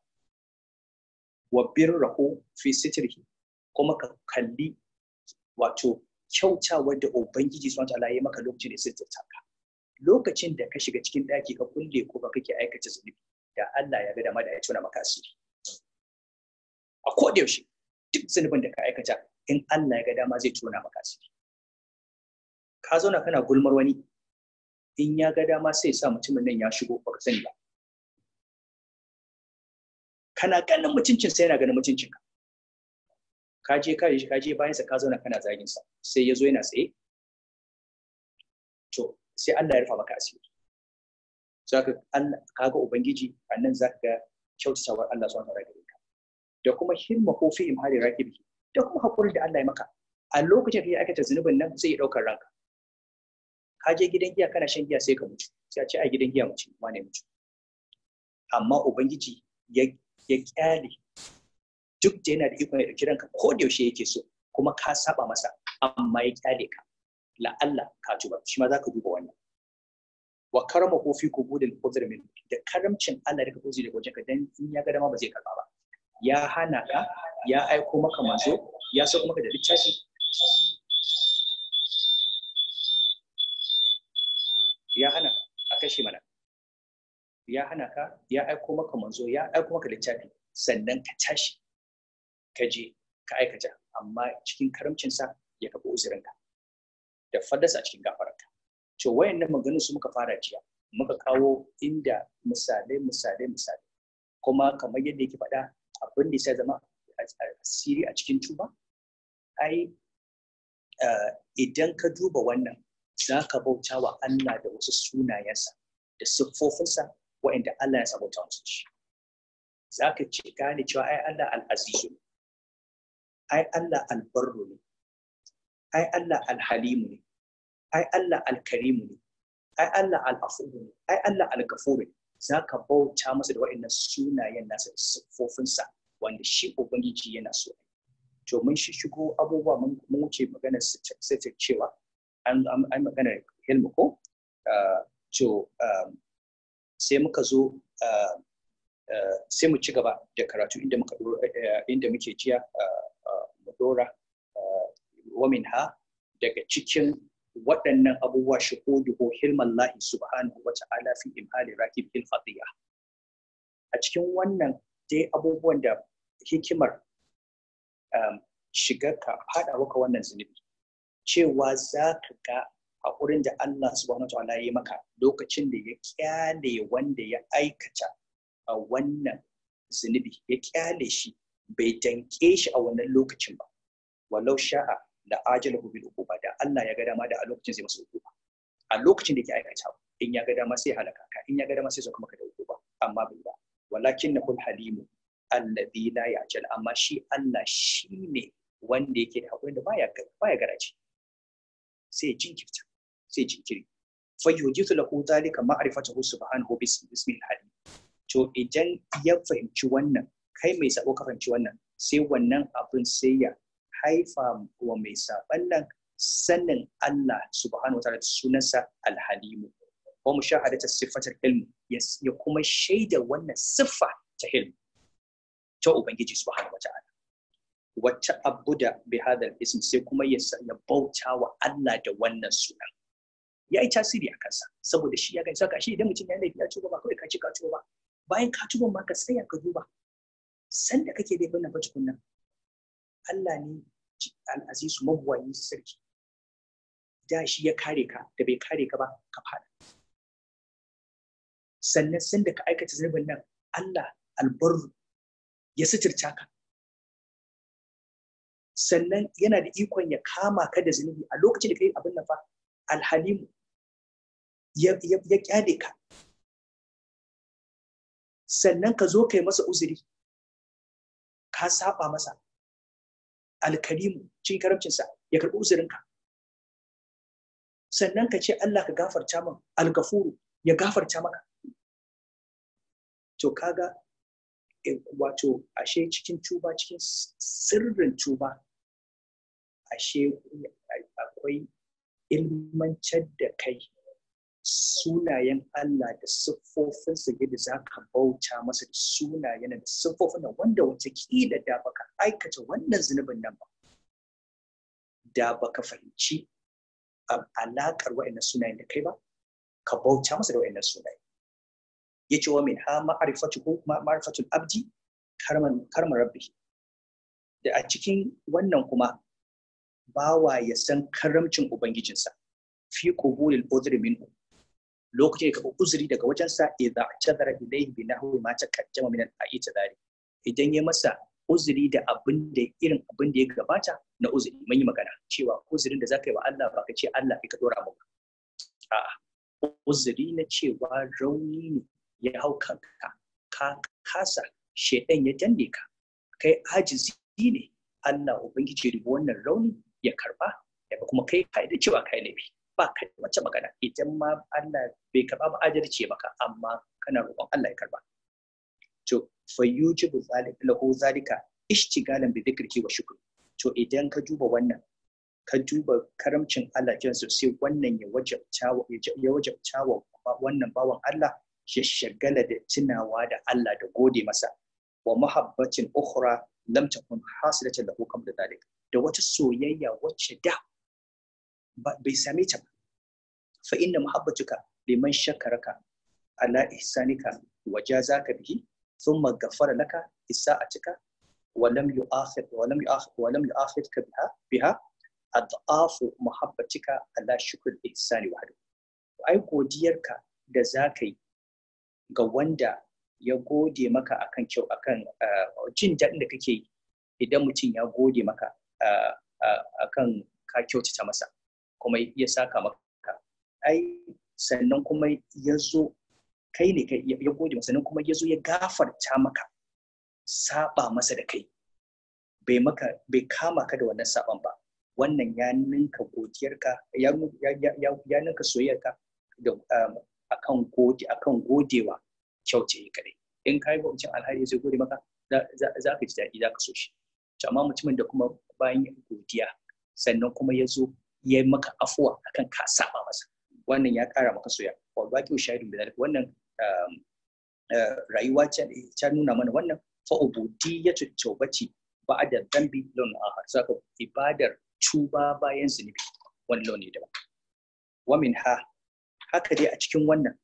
wa birrahu fi sitrihi kuma ka kalli wato kyautawar da ubangiji subhanahu ta'ala ya maka lokacin da ya sirta ka lokacin da ka shiga cikin ɗaki ka kulle ko ba kake aikace zunubi da Allah ya ga da da ya tona maka asiri a koda yaushe duk zunubin da ka aikata in Allah ya ga dama zai tona maka asiri ka zauna kana gulmar wani in ya ga dama sai sa mutumin nan ya shigo baka sani ba kana ganin mutuncin sai yana ganin mutuncin ka ka je ka je bayan sa ka zauna kana zagin sa sai ya zo yana tsaye to sai Allah ya rufa maka asiri zaka Allah kaga ubangiji annan zaka ga kyautatawar Allah subhanahu wa ta'ala ka da kuma himma ko fi imhari rakibi da kuma hakuri da Allah ya maka a lokacin da ya aikata zunubin nan zai daukar ranka ka je gidan giya kana shan giya sai ka mutu sai a ce ai gidan giya mutu wane mutu amma ubangiji ya ya kyale duk da yana da ikon ya dauki ranka ko da yaushe yake so kuma ka saba masa amma ya kyale ka la'alla ka tuba shi ma zaka duba wannan wa karama ko fi kubudin uzr min da karamcin Allah da ka kuzi da ka dan in ya ga dama ba zai karba ba ya hana ka ya aiko maka manzo ya so maka da littafi ya hana a kashe mana ya hana ka ya aiko maka manzo ya aiko maka littafi sannan ka tashi ka je ka aikata amma cikin karamcinsa ya kafa uzurinka da fallasa a cikin gafararka to wayannan maganin su muka fara jiya muka kawo inda misalai misalai misalai kuma kamar yadda yake faɗa abin da ya zama asiri a cikin tuba ai eh, idan ka duba wannan za ka bauta wa Allah da wasu sunayensa da siffofinsa wa'inda Allah ya sabauta musu shi za ka ce gane cewa ai Allah al'azizu ai Allah albarru ne ai Allah alhalimu ne ai Allah alkarimu ne ai Allah al'afubu ne ai Allah alkafuru ne za ka bauta masa da waɗannan sunayen nasa da siffofinsa wanda shi ubangiji yana so to mun shi shigo abubuwa mun wuce magana sace cewa an an magana hilmu ko ah, to ah, sai muka zo ah, sai mu ci gaba da karatu inda muka eh, eh, inda muke jiya mu dora wa minha daga cikin waɗannan abubuwa shuhuduhu hilmallahi subhanahu wa ta'ala fi imhali rakib fil fadiya a cikin wannan dai abubuwan da hikimar um, shigar ka haɗa ka wannan zunubi cewa za ka ga haƙurin da Allah subhanahu wa ta'ala ya yi maka lokacin da ya kyale wanda ya aikata a wannan zunubi ya kyale shi bai danke shi a wannan lokacin ba walau sha'a la ajalahu bil uquba da Allah ya ga dama da a lokacin zai masa uquba a lokacin da yake aikata in ya ga dama sai halaka ka in ya ga dama sai zo maka da uquba amma bai ba walakin na kun halimu alladhi la ya'jal amma shi Allah shine wanda yake da hakuri da baya baya garaje sai jinkirta sai jinkiri fa yujizu lahu zalika ma'rifatuhu subhanahu bismil halim to idan ya fahimci wannan kai mai sako ka fahimci wannan sai wannan abin sai ya haifa wa mai saban nan sanin Allah subhanahu wataala sunansa alhalimu wa ta siffatar ilmi ya kuma shaida wannan siffa ta ilmi ta ubangiji subhanahu wataala wata abuda bi hadal ism sai kuma ya bauta wa Allah da wannan sunan ya yi tasiri a kansa saboda shi ya gani saka shi idan mutum ya laifi ya tuba ba kawai ka ci ka ba bayan ka tuba ma ka tsaya ka duba sanda kake da nan ba tukunna Allah ne al'azizu mabuwayi sarki da shi ya kare ka da bai kare ka ba ka fada sannan sanda ka aikata zunubin nan Allah albarru ya suturta ka sannan yana da ikon ya kama ka da zunubi a lokacin da ka yi abin nan fa alhalimu ya kyade ka sannan ka zo ka yi masa uzuri ka saba masa alkarimu cikin karamcinsa ya karɓi uzurinka sannan ka ce Allah ka gafarta min algafuru ya gafarta maka to kaga eh, wato ashe cikin tuba cikin sirrin tuba ashe akwai ilmancar da kai sunayen Allah da siffofinsa gidi za ka bauta masa da sunayen da siffofin da wanda wata kila da baka aikata wannan zunubin nan ba da baka fahimci alaƙar wa'annan sunayen da kai ba ka bauta masa da wa'annan sunayen ya ce wa min ha ma'arifatu ma'arifatul abdi karman rabbi da a cikin wannan kuma bawa ya san karamcin ubangijinsa fi qubulil udri minhu lokacin ka uzuri daga wajen sa idza tadara ilayhi bi nahwi ma taqaddama min al zari. idan ya masa uzuri da abin da irin abin da ya gabata na uzuri mun yi magana cewa uzurin da zaka yi wa Allah ba ka ce Allah ka dora mu a'a uzuri na cewa rauni ne ya hau kanka ka kasa shedan ya danne ka kai ajizi ne Allah ubangiji ribu wannan rauni ya karba ya kuma kai kai da cewa kai laifi ba ka wacce magana idan ma Allah bai karba ba adalci maka amma kana roƙon Allah ya karba to fa yujibu zalika lahu zalika ishtigalan bi dhikrihi wa shukri to idan ka duba wannan ka duba karamcin Allah su sai wannan ya wajabta ya wajabta wa wannan bawan Allah ya shagala da tunawa da Allah da gode masa wa mahabbatin ukhra lam takun hasilatan lahu qabla dhalik da wata soyayya wacce da bai same ta ba fa inna muhabbatuka liman shakaraka ala ihsanika wa jazaka bihi thumma ghafara laka isa'atika wa lam yu'akhir wa lam yu'akhir wa lam ka biha biha adafu muhabbatuka. ala shukr ihsani wahdu ai godiyarka da zaka yi ga wanda ya gode maka akan kyau akan ah, jin daɗin da kake yi idan mutum ya gode maka ah, ah, akan ka kyautata masa kuma ya saka maka ai sannan kuma ya zo kai ne ya gode sannan kuma ya zo ya gafarta maka saba masa da kai bai maka bai kama ka da wannan saban ba wannan ya ninka godiyarka ya ya ninka soyayyarka da um, akan gode akan godewa kyauce kadai in kai mutum alhari zai gode maka za ka ji daɗi za ka so shi amma mutumin da kuma bayan godiya sannan kuma ya zo ya maka afuwa akan ka saba masa wannan ya kara maka soya wal baqi shahidun bi wannan um, uh, rayuwa ta nuna mana wannan fa a da ba'da launin lon ahad saka ibadar tuba bayan zunubi wani launi daban wa min ha haka dai a cikin wannan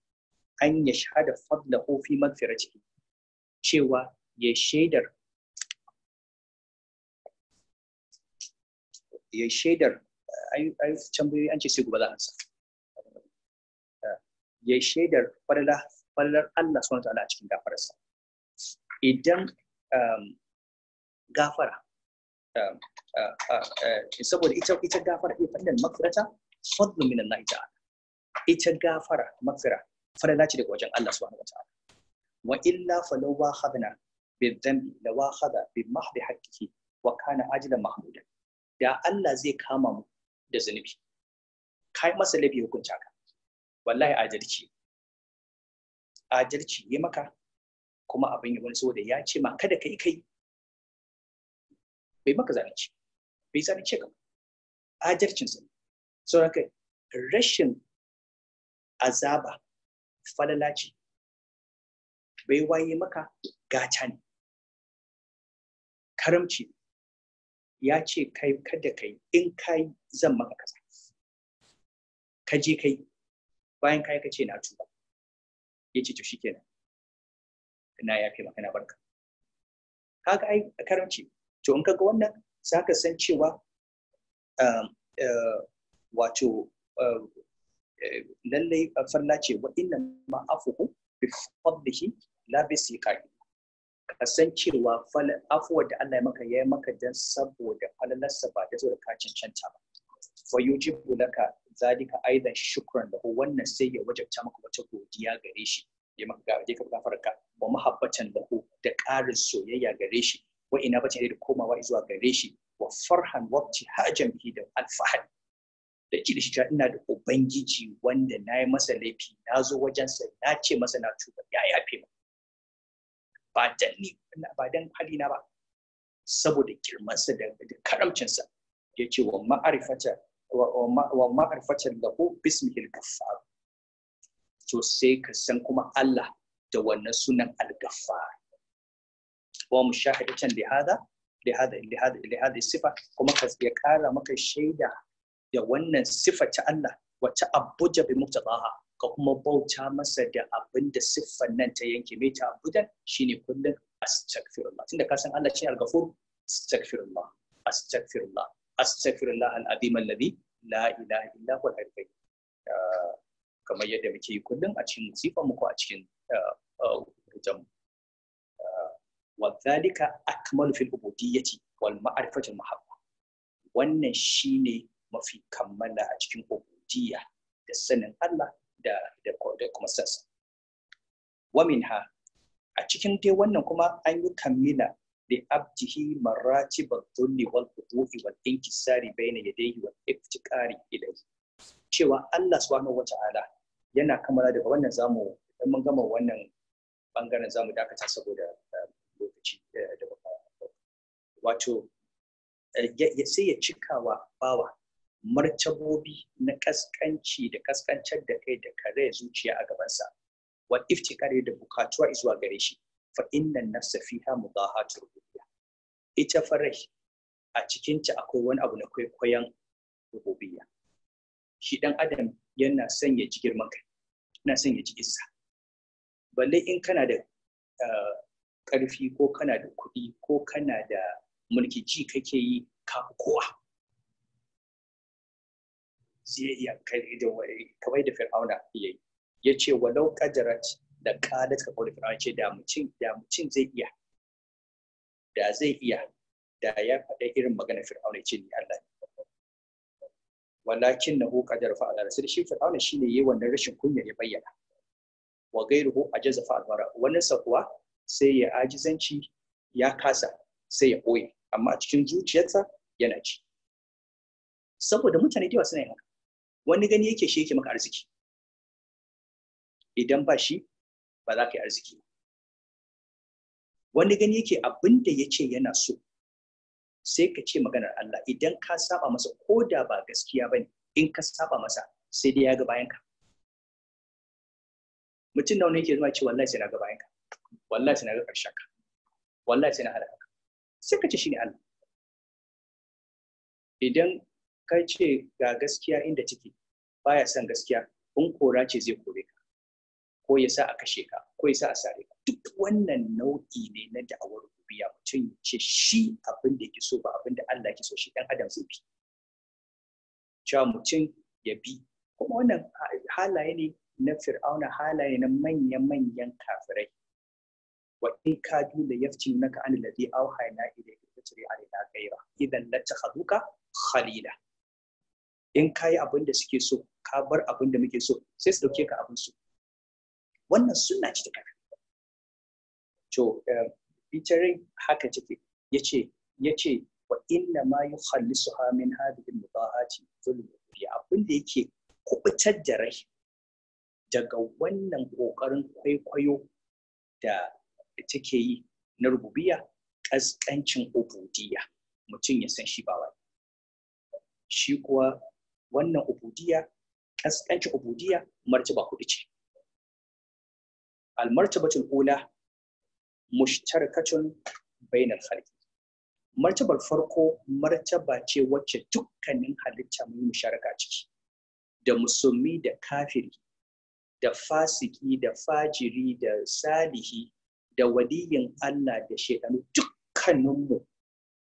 an ya shahada fadlahu fi ciki. cewa ya shaidar ya shaidar ai ai tambayoyi an ce sai gobe za a san eh, ya shaidar falalar Allah subhanahu ta'ala a cikin gafararsa idan um, gafara um, uh, uh, uh, saboda ita ita gafara ita fadlan makfirata fadlu min Allah ta'ala ita gafara makfira falala ce daga wajen Allah subhanahu ta'ala wa illa falaw wa khadna bi dhanbi la wa khada bi mahdi haqqihi wa kana ajilan mahmuda da Allah zai kama mu da zunubi kai masa laifi hukunta ka wallahi a'jarci. A'jarci yi maka kuma abin yi wani saboda ya ce ma kada kai kai bai maka zalunci bai zalunce ka adalcin sa saboda kai rashin azaba falala ce bai waye maka gata ne karamci ne. ya ce kai kada kai in kai zan maka kasa ka je kai bayan kai ka ce na tuba ya ce to shikenan na yafe maka na barka kaga ai karamci to in kaga wannan za ka san cewa um, uh, wato um, eh, lallai farla ce wa inna ma bi fadlihi la bi ka san cewa afuwar da Allah ya maka ya maka dan saboda falalarsa ba ta zo da ka cancanta ba fa yujibu laka zalika aidan shukran da wannan sai ya wajabta maka wata godiya gare shi ya maka ga dai ka gafarka wa mahabbatan ku da ƙarin soyayya gare shi wa ina bace da komawa zuwa gare shi wa farhan waqti hajan fi da alfahad da ke shi ta ina da ubangiji wanda na yi masa laifi na zo wajensa na ce masa na tuba ya yafe mu ba dan ba dan halina ba saboda girmansa da karamcinsa ya ce wa ma'arifata wa ma'arifatar lahu bismihil gaffar to sai ka san kuma Allah da wannan sunan al-gaffar wa mushahidatan li hada li hada li hada li hada sifa kuma ka ya kara maka shaida da wannan sifa ta Allah wa abuja bi muqtadaha ka kuma bauta masa da abin da siffan nan ta yanke mai ta abudan shine kullum astaghfirullah tunda ka san Allah shi al-ghafur astaghfirullah astaghfirullah astaghfirullah al-azim alladhi la ilaha illa huwa al ah, kamar yadda muke yi kullum a cikin sifan muku a cikin hujjan ah, ah, wa dhalika akmalu fil ubudiyyati wal ma'rifati al mahabba wannan shine mafi kammala a cikin ubudiyya da sanin Allah da da kuma sassa a cikin dai wannan kuma an yi kammila li abdihi maratib al-dhulli wal qudufi wal inkisari bayna yadayhi wal iftiqari ilayhi cewa Allah subhanahu Ta'ala yana kammala daga wannan zamu dan mun gama wannan bangaren zamu dakata saboda eh, lokaci eh, da wato eh, sai ya cikawa bawa martabobi na kaskanci da kaskancar da kai da kare zuciya a gabansa wa iftikari da bukatuwa zuwa gare shi fa innan nafsa fiha mudahatu rububiyya ita farai a cikin ta akwai wani abu na kwaikwayon rububiyya shi dan adam yana son ya ji girman kai yana son ya ji isa balle in kana da karfi eh, ko kana da kuɗi ko kana da mulki ji kake yi kafi kowa zai iya kai da kamar da fir'auna ya yi ya ce walau kadarat da kadat ka kawo fir'auna ce da mutum da mutum zai iya da zai iya da ya faɗa irin magana fir'auna ce ni Allah ne. walakin nahu qadara fa ala rasul shi fir'auna shine yayi wannan rashin kunya ya bayyana wa ghayruhu ajaza fa alwara wani sakuwa sai ya ajizanci ya kasa sai ya ɓoye, amma cikin zuciyarsa yana ci saboda mutane da yawa suna yin haka wani gani yake shi yake maka arziki idan ba shi ba za ka yi arziki wani gani yake abin da ya ce yana so sai ka ce maganar Allah idan ka saba masa ko da ba gaskiya ba ne in ka saba masa sai dai ya ga bayanka mutum nawa ne yake zuwa ce wallahi sai na ga bayanka wallahi sai na ga karshen ka wallahi sai na halaka sai ka ce shine Allah idan ka ce ga gaskiya inda take baya son gaskiya in kora ce zai kore ka ko ya sa a kashe ka ko ya sa a sare ka duk wannan nau'i ne na da'awar rubiya mutum ya ce shi abin da yake so ba abin da Allah yake so shi dan adam zai bi cewa mutum ya bi kuma wannan halaye ne na fir'auna halaye na manya-manyan kafirai wa in ka dula yafti naka an ladhi auhayna ilayka fatri alayna ghayra idan la takhaduka khalila in ka yi abin da suke so ka bar abin da muke so sai su ɗauke ka abin su wannan suna ci ta to bitarin eh, haka take yace yace wa inna ma yukhallisuha min hadhihi al-mubahati zulm abin da yake kubutar da rai daga wannan kokarin kwaikwayo da take yi na rububiya ƙasƙancin ubudiyya mutum ya san shi ba wani shi kuwa wannan ubudiya, kaskanci ubudiya, martaba hudu ce almartabatul ula mushtarakatun bainal khalqi martabar farko martaba ce wacce dukkanin halitta mun musharaka ciki da musulmi da kafiri da fasiki da fajiri da salihi da waliyin Allah da shaitanu dukkaninmu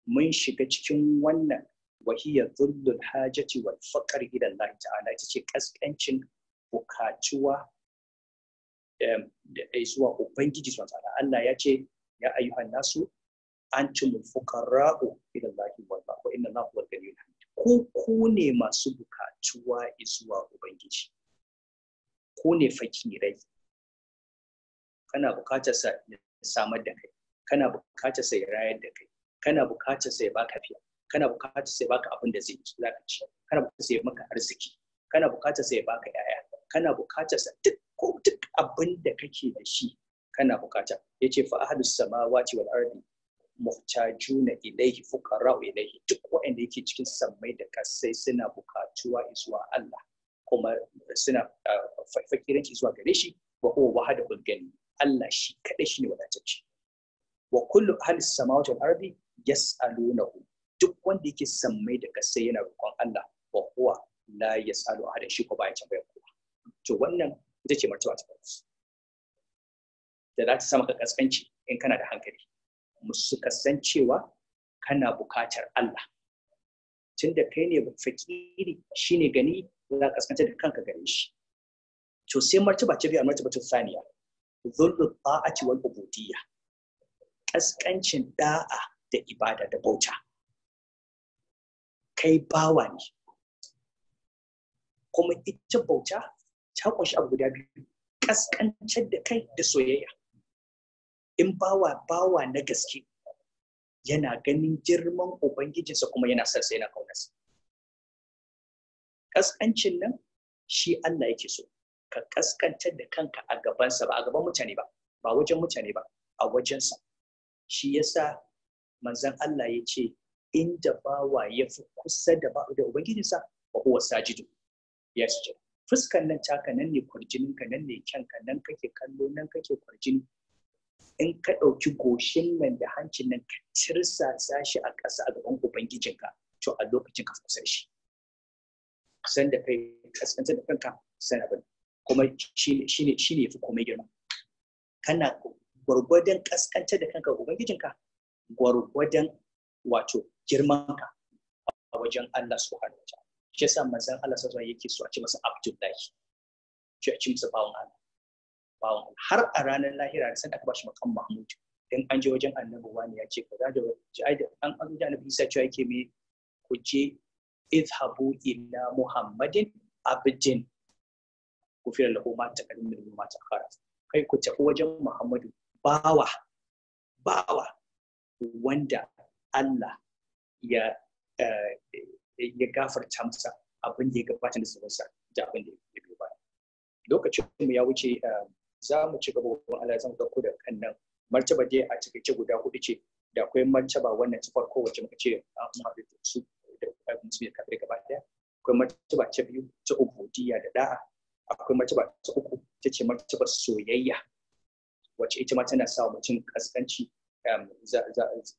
mun shiga cikin wannan wa hiya dhullul hajati wal faqr ila Allah ta'ala ita ce kaskancin bukatuwa zuwa ubangiji subhanahu ta'ala Allah ya ce ya ayyuhan nasu antumul fuqara'u ila Allah wa inna Allah huwal ghaniyyul hamid ku ku ne masu bukatuwa zuwa ubangiji ku ne fakirai kana bukatar sa samar da kai kana bukatar sa rayar da kai kana bukatar sa ya baka fiya kana bukatar sai baka abin da zai za ka ci kana bukatar sai maka arziki kana bukatar sai baka yaya kana bukatar sa duk ko duk abin da kake da shi kana bukata yace fa ahadu samawati wal ardi muhtajuna ilaihi fuqara'u ilaihi duk wanda yake cikin samai da kasai suna bukatuwa zuwa Allah kuma suna ah, ki zuwa gare shi wa huwa wahadul gani Allah shi kadai ne wadatacce wa kullu ahli samawati wal ardi yas'alunahu duk wanda yake mai da kasai yana roƙon Allah wa kuwa la a ahadan shi ko baya tambayar kowa to wannan ita ce martaba ta farko da za ta sama kaskanci in kana da hankali musu kasan kana bukatar Allah tunda kai ne fakiri shine gani za ka kaskanta da kanka gare shi to sai martaba ta biyu martaba ta saniya dhullu ta'ati wal ubudiyya kaskancin da'a da ibada da bauta kai bawa ne kuma ita bauta ta kunshi abu guda biyu kaskancar da kai da soyayya in bawa bawa na gaske yana ganin girman ubangijinsa kuma yana sarsa yana Ƙasƙancin kaunarsa kaskancin nan shi Allah yake so ka kaskantar da kanka a gabansa ba a gaban mutane ba ba wajen mutane ba a wajensa shi yasa manzon Allah ya ce inda bawa ya fi kusa da ba da ubangijinsa ba huwa sajidu ya sujada fuskan nan taka nan ne kwarjinin ka nan ne kyanka nan kake kallo nan kake kwarjini in ka ɗauki goshin nan da hancin nan ka tirsasa sashi a ƙasa a gaban ubangijinka to a lokacin ka kusa shi san da kai kaskantar da kanka san abin kuma shine shine yafi komai girma kana gwargwadon kaskantar da kanka ubangijinka gwargwadon wato girmanka a wajen Allah su wa ta. shi yasa manzan Allah sallallahu yake so a ci masa Abdullahi shi a ci masa bawon Allah bawon Allah har a ranar lahira da san ba shi makan Mahmud dan an je wajen annabi wani ya ce kaza da an an da annabi Isa cewa yake mai ku je idhabu ila Muhammadin abdin ku fi lahu ma taqaddim min ma kara. kai ku tafi wajen Muhammadu bawa bawa wanda Allah ya eh, ya gafarta masa abin da ya gabata da zubansa da abin da ya biyo baya lokacin mu ya wuce eh, za mu ci gaba wa Allah zan dauko da kan nan martaba dai a takaice guda hudu ce da akwai martaba wannan ta farko wacce muka ce a ah, haɗu da su da eh, musulmi kafir gaba daya akwai martaba ta biyu ta diya da da'a akwai martaba ta uku ta ce martaba soyayya wacce ita ma tana sa mutum kaskanci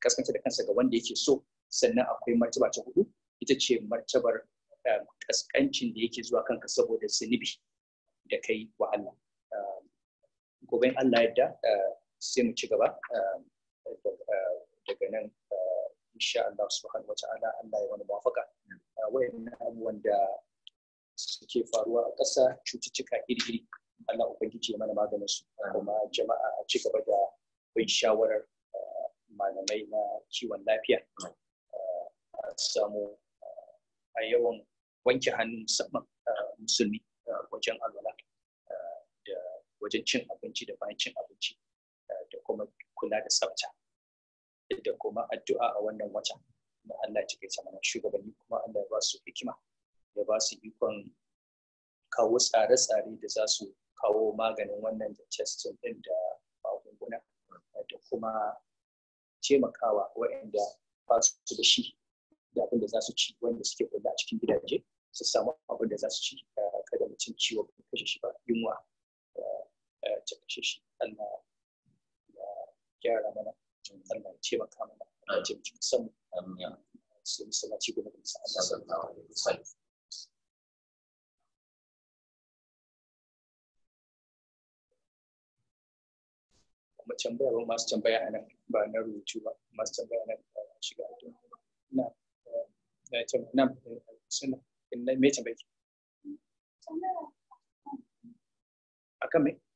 kaskanci da kansa ga wanda yake so sannan akwai martaba ta hudu ita ce martabar eh, kaskancin da yake zuwa kanka saboda zunubi da kai wa Allah eh, Allah yadda eh, sai mu ci gaba daga nan insha Allah subhanahu wata'ala Allah ya wani muwafaka wayannan abubuwan da suke faruwa a ƙasa cututtuka iri-iri Allah ubangiji mana maganin su kuma jama'a a ci gaba da bin shawarar malamai na ciwon lafiya samu a yawan wanke hannu musamman musulmi wajen alwala da wajen cin abinci da bayan cin abinci da kuma kula da tsafta da kuma addu'a a wannan wata na Allah cike kai mana shugabanni kuma Allah ya ba su hikima ya ba su ikon kawo tsare-tsare da za su kawo maganin wannan da testin din da magunguna da kuma taimakawa waɗanda ba su da shi da abin da za su ci wanda suke kula a cikin gidaje su samu abin da za su ci eh, kada mutum ciwo ko kashe shi ba yunwa eh, eh, ta kashe shi Allah ya gyara mana Allah ya taimaka mana a cikin Allah ya su yi sai ci gobe da Allah sallallahu alaihi wasallam kuma tambaya ba masu tambaya a nan ba na rubutu ba masu tambaya nan shiga ina da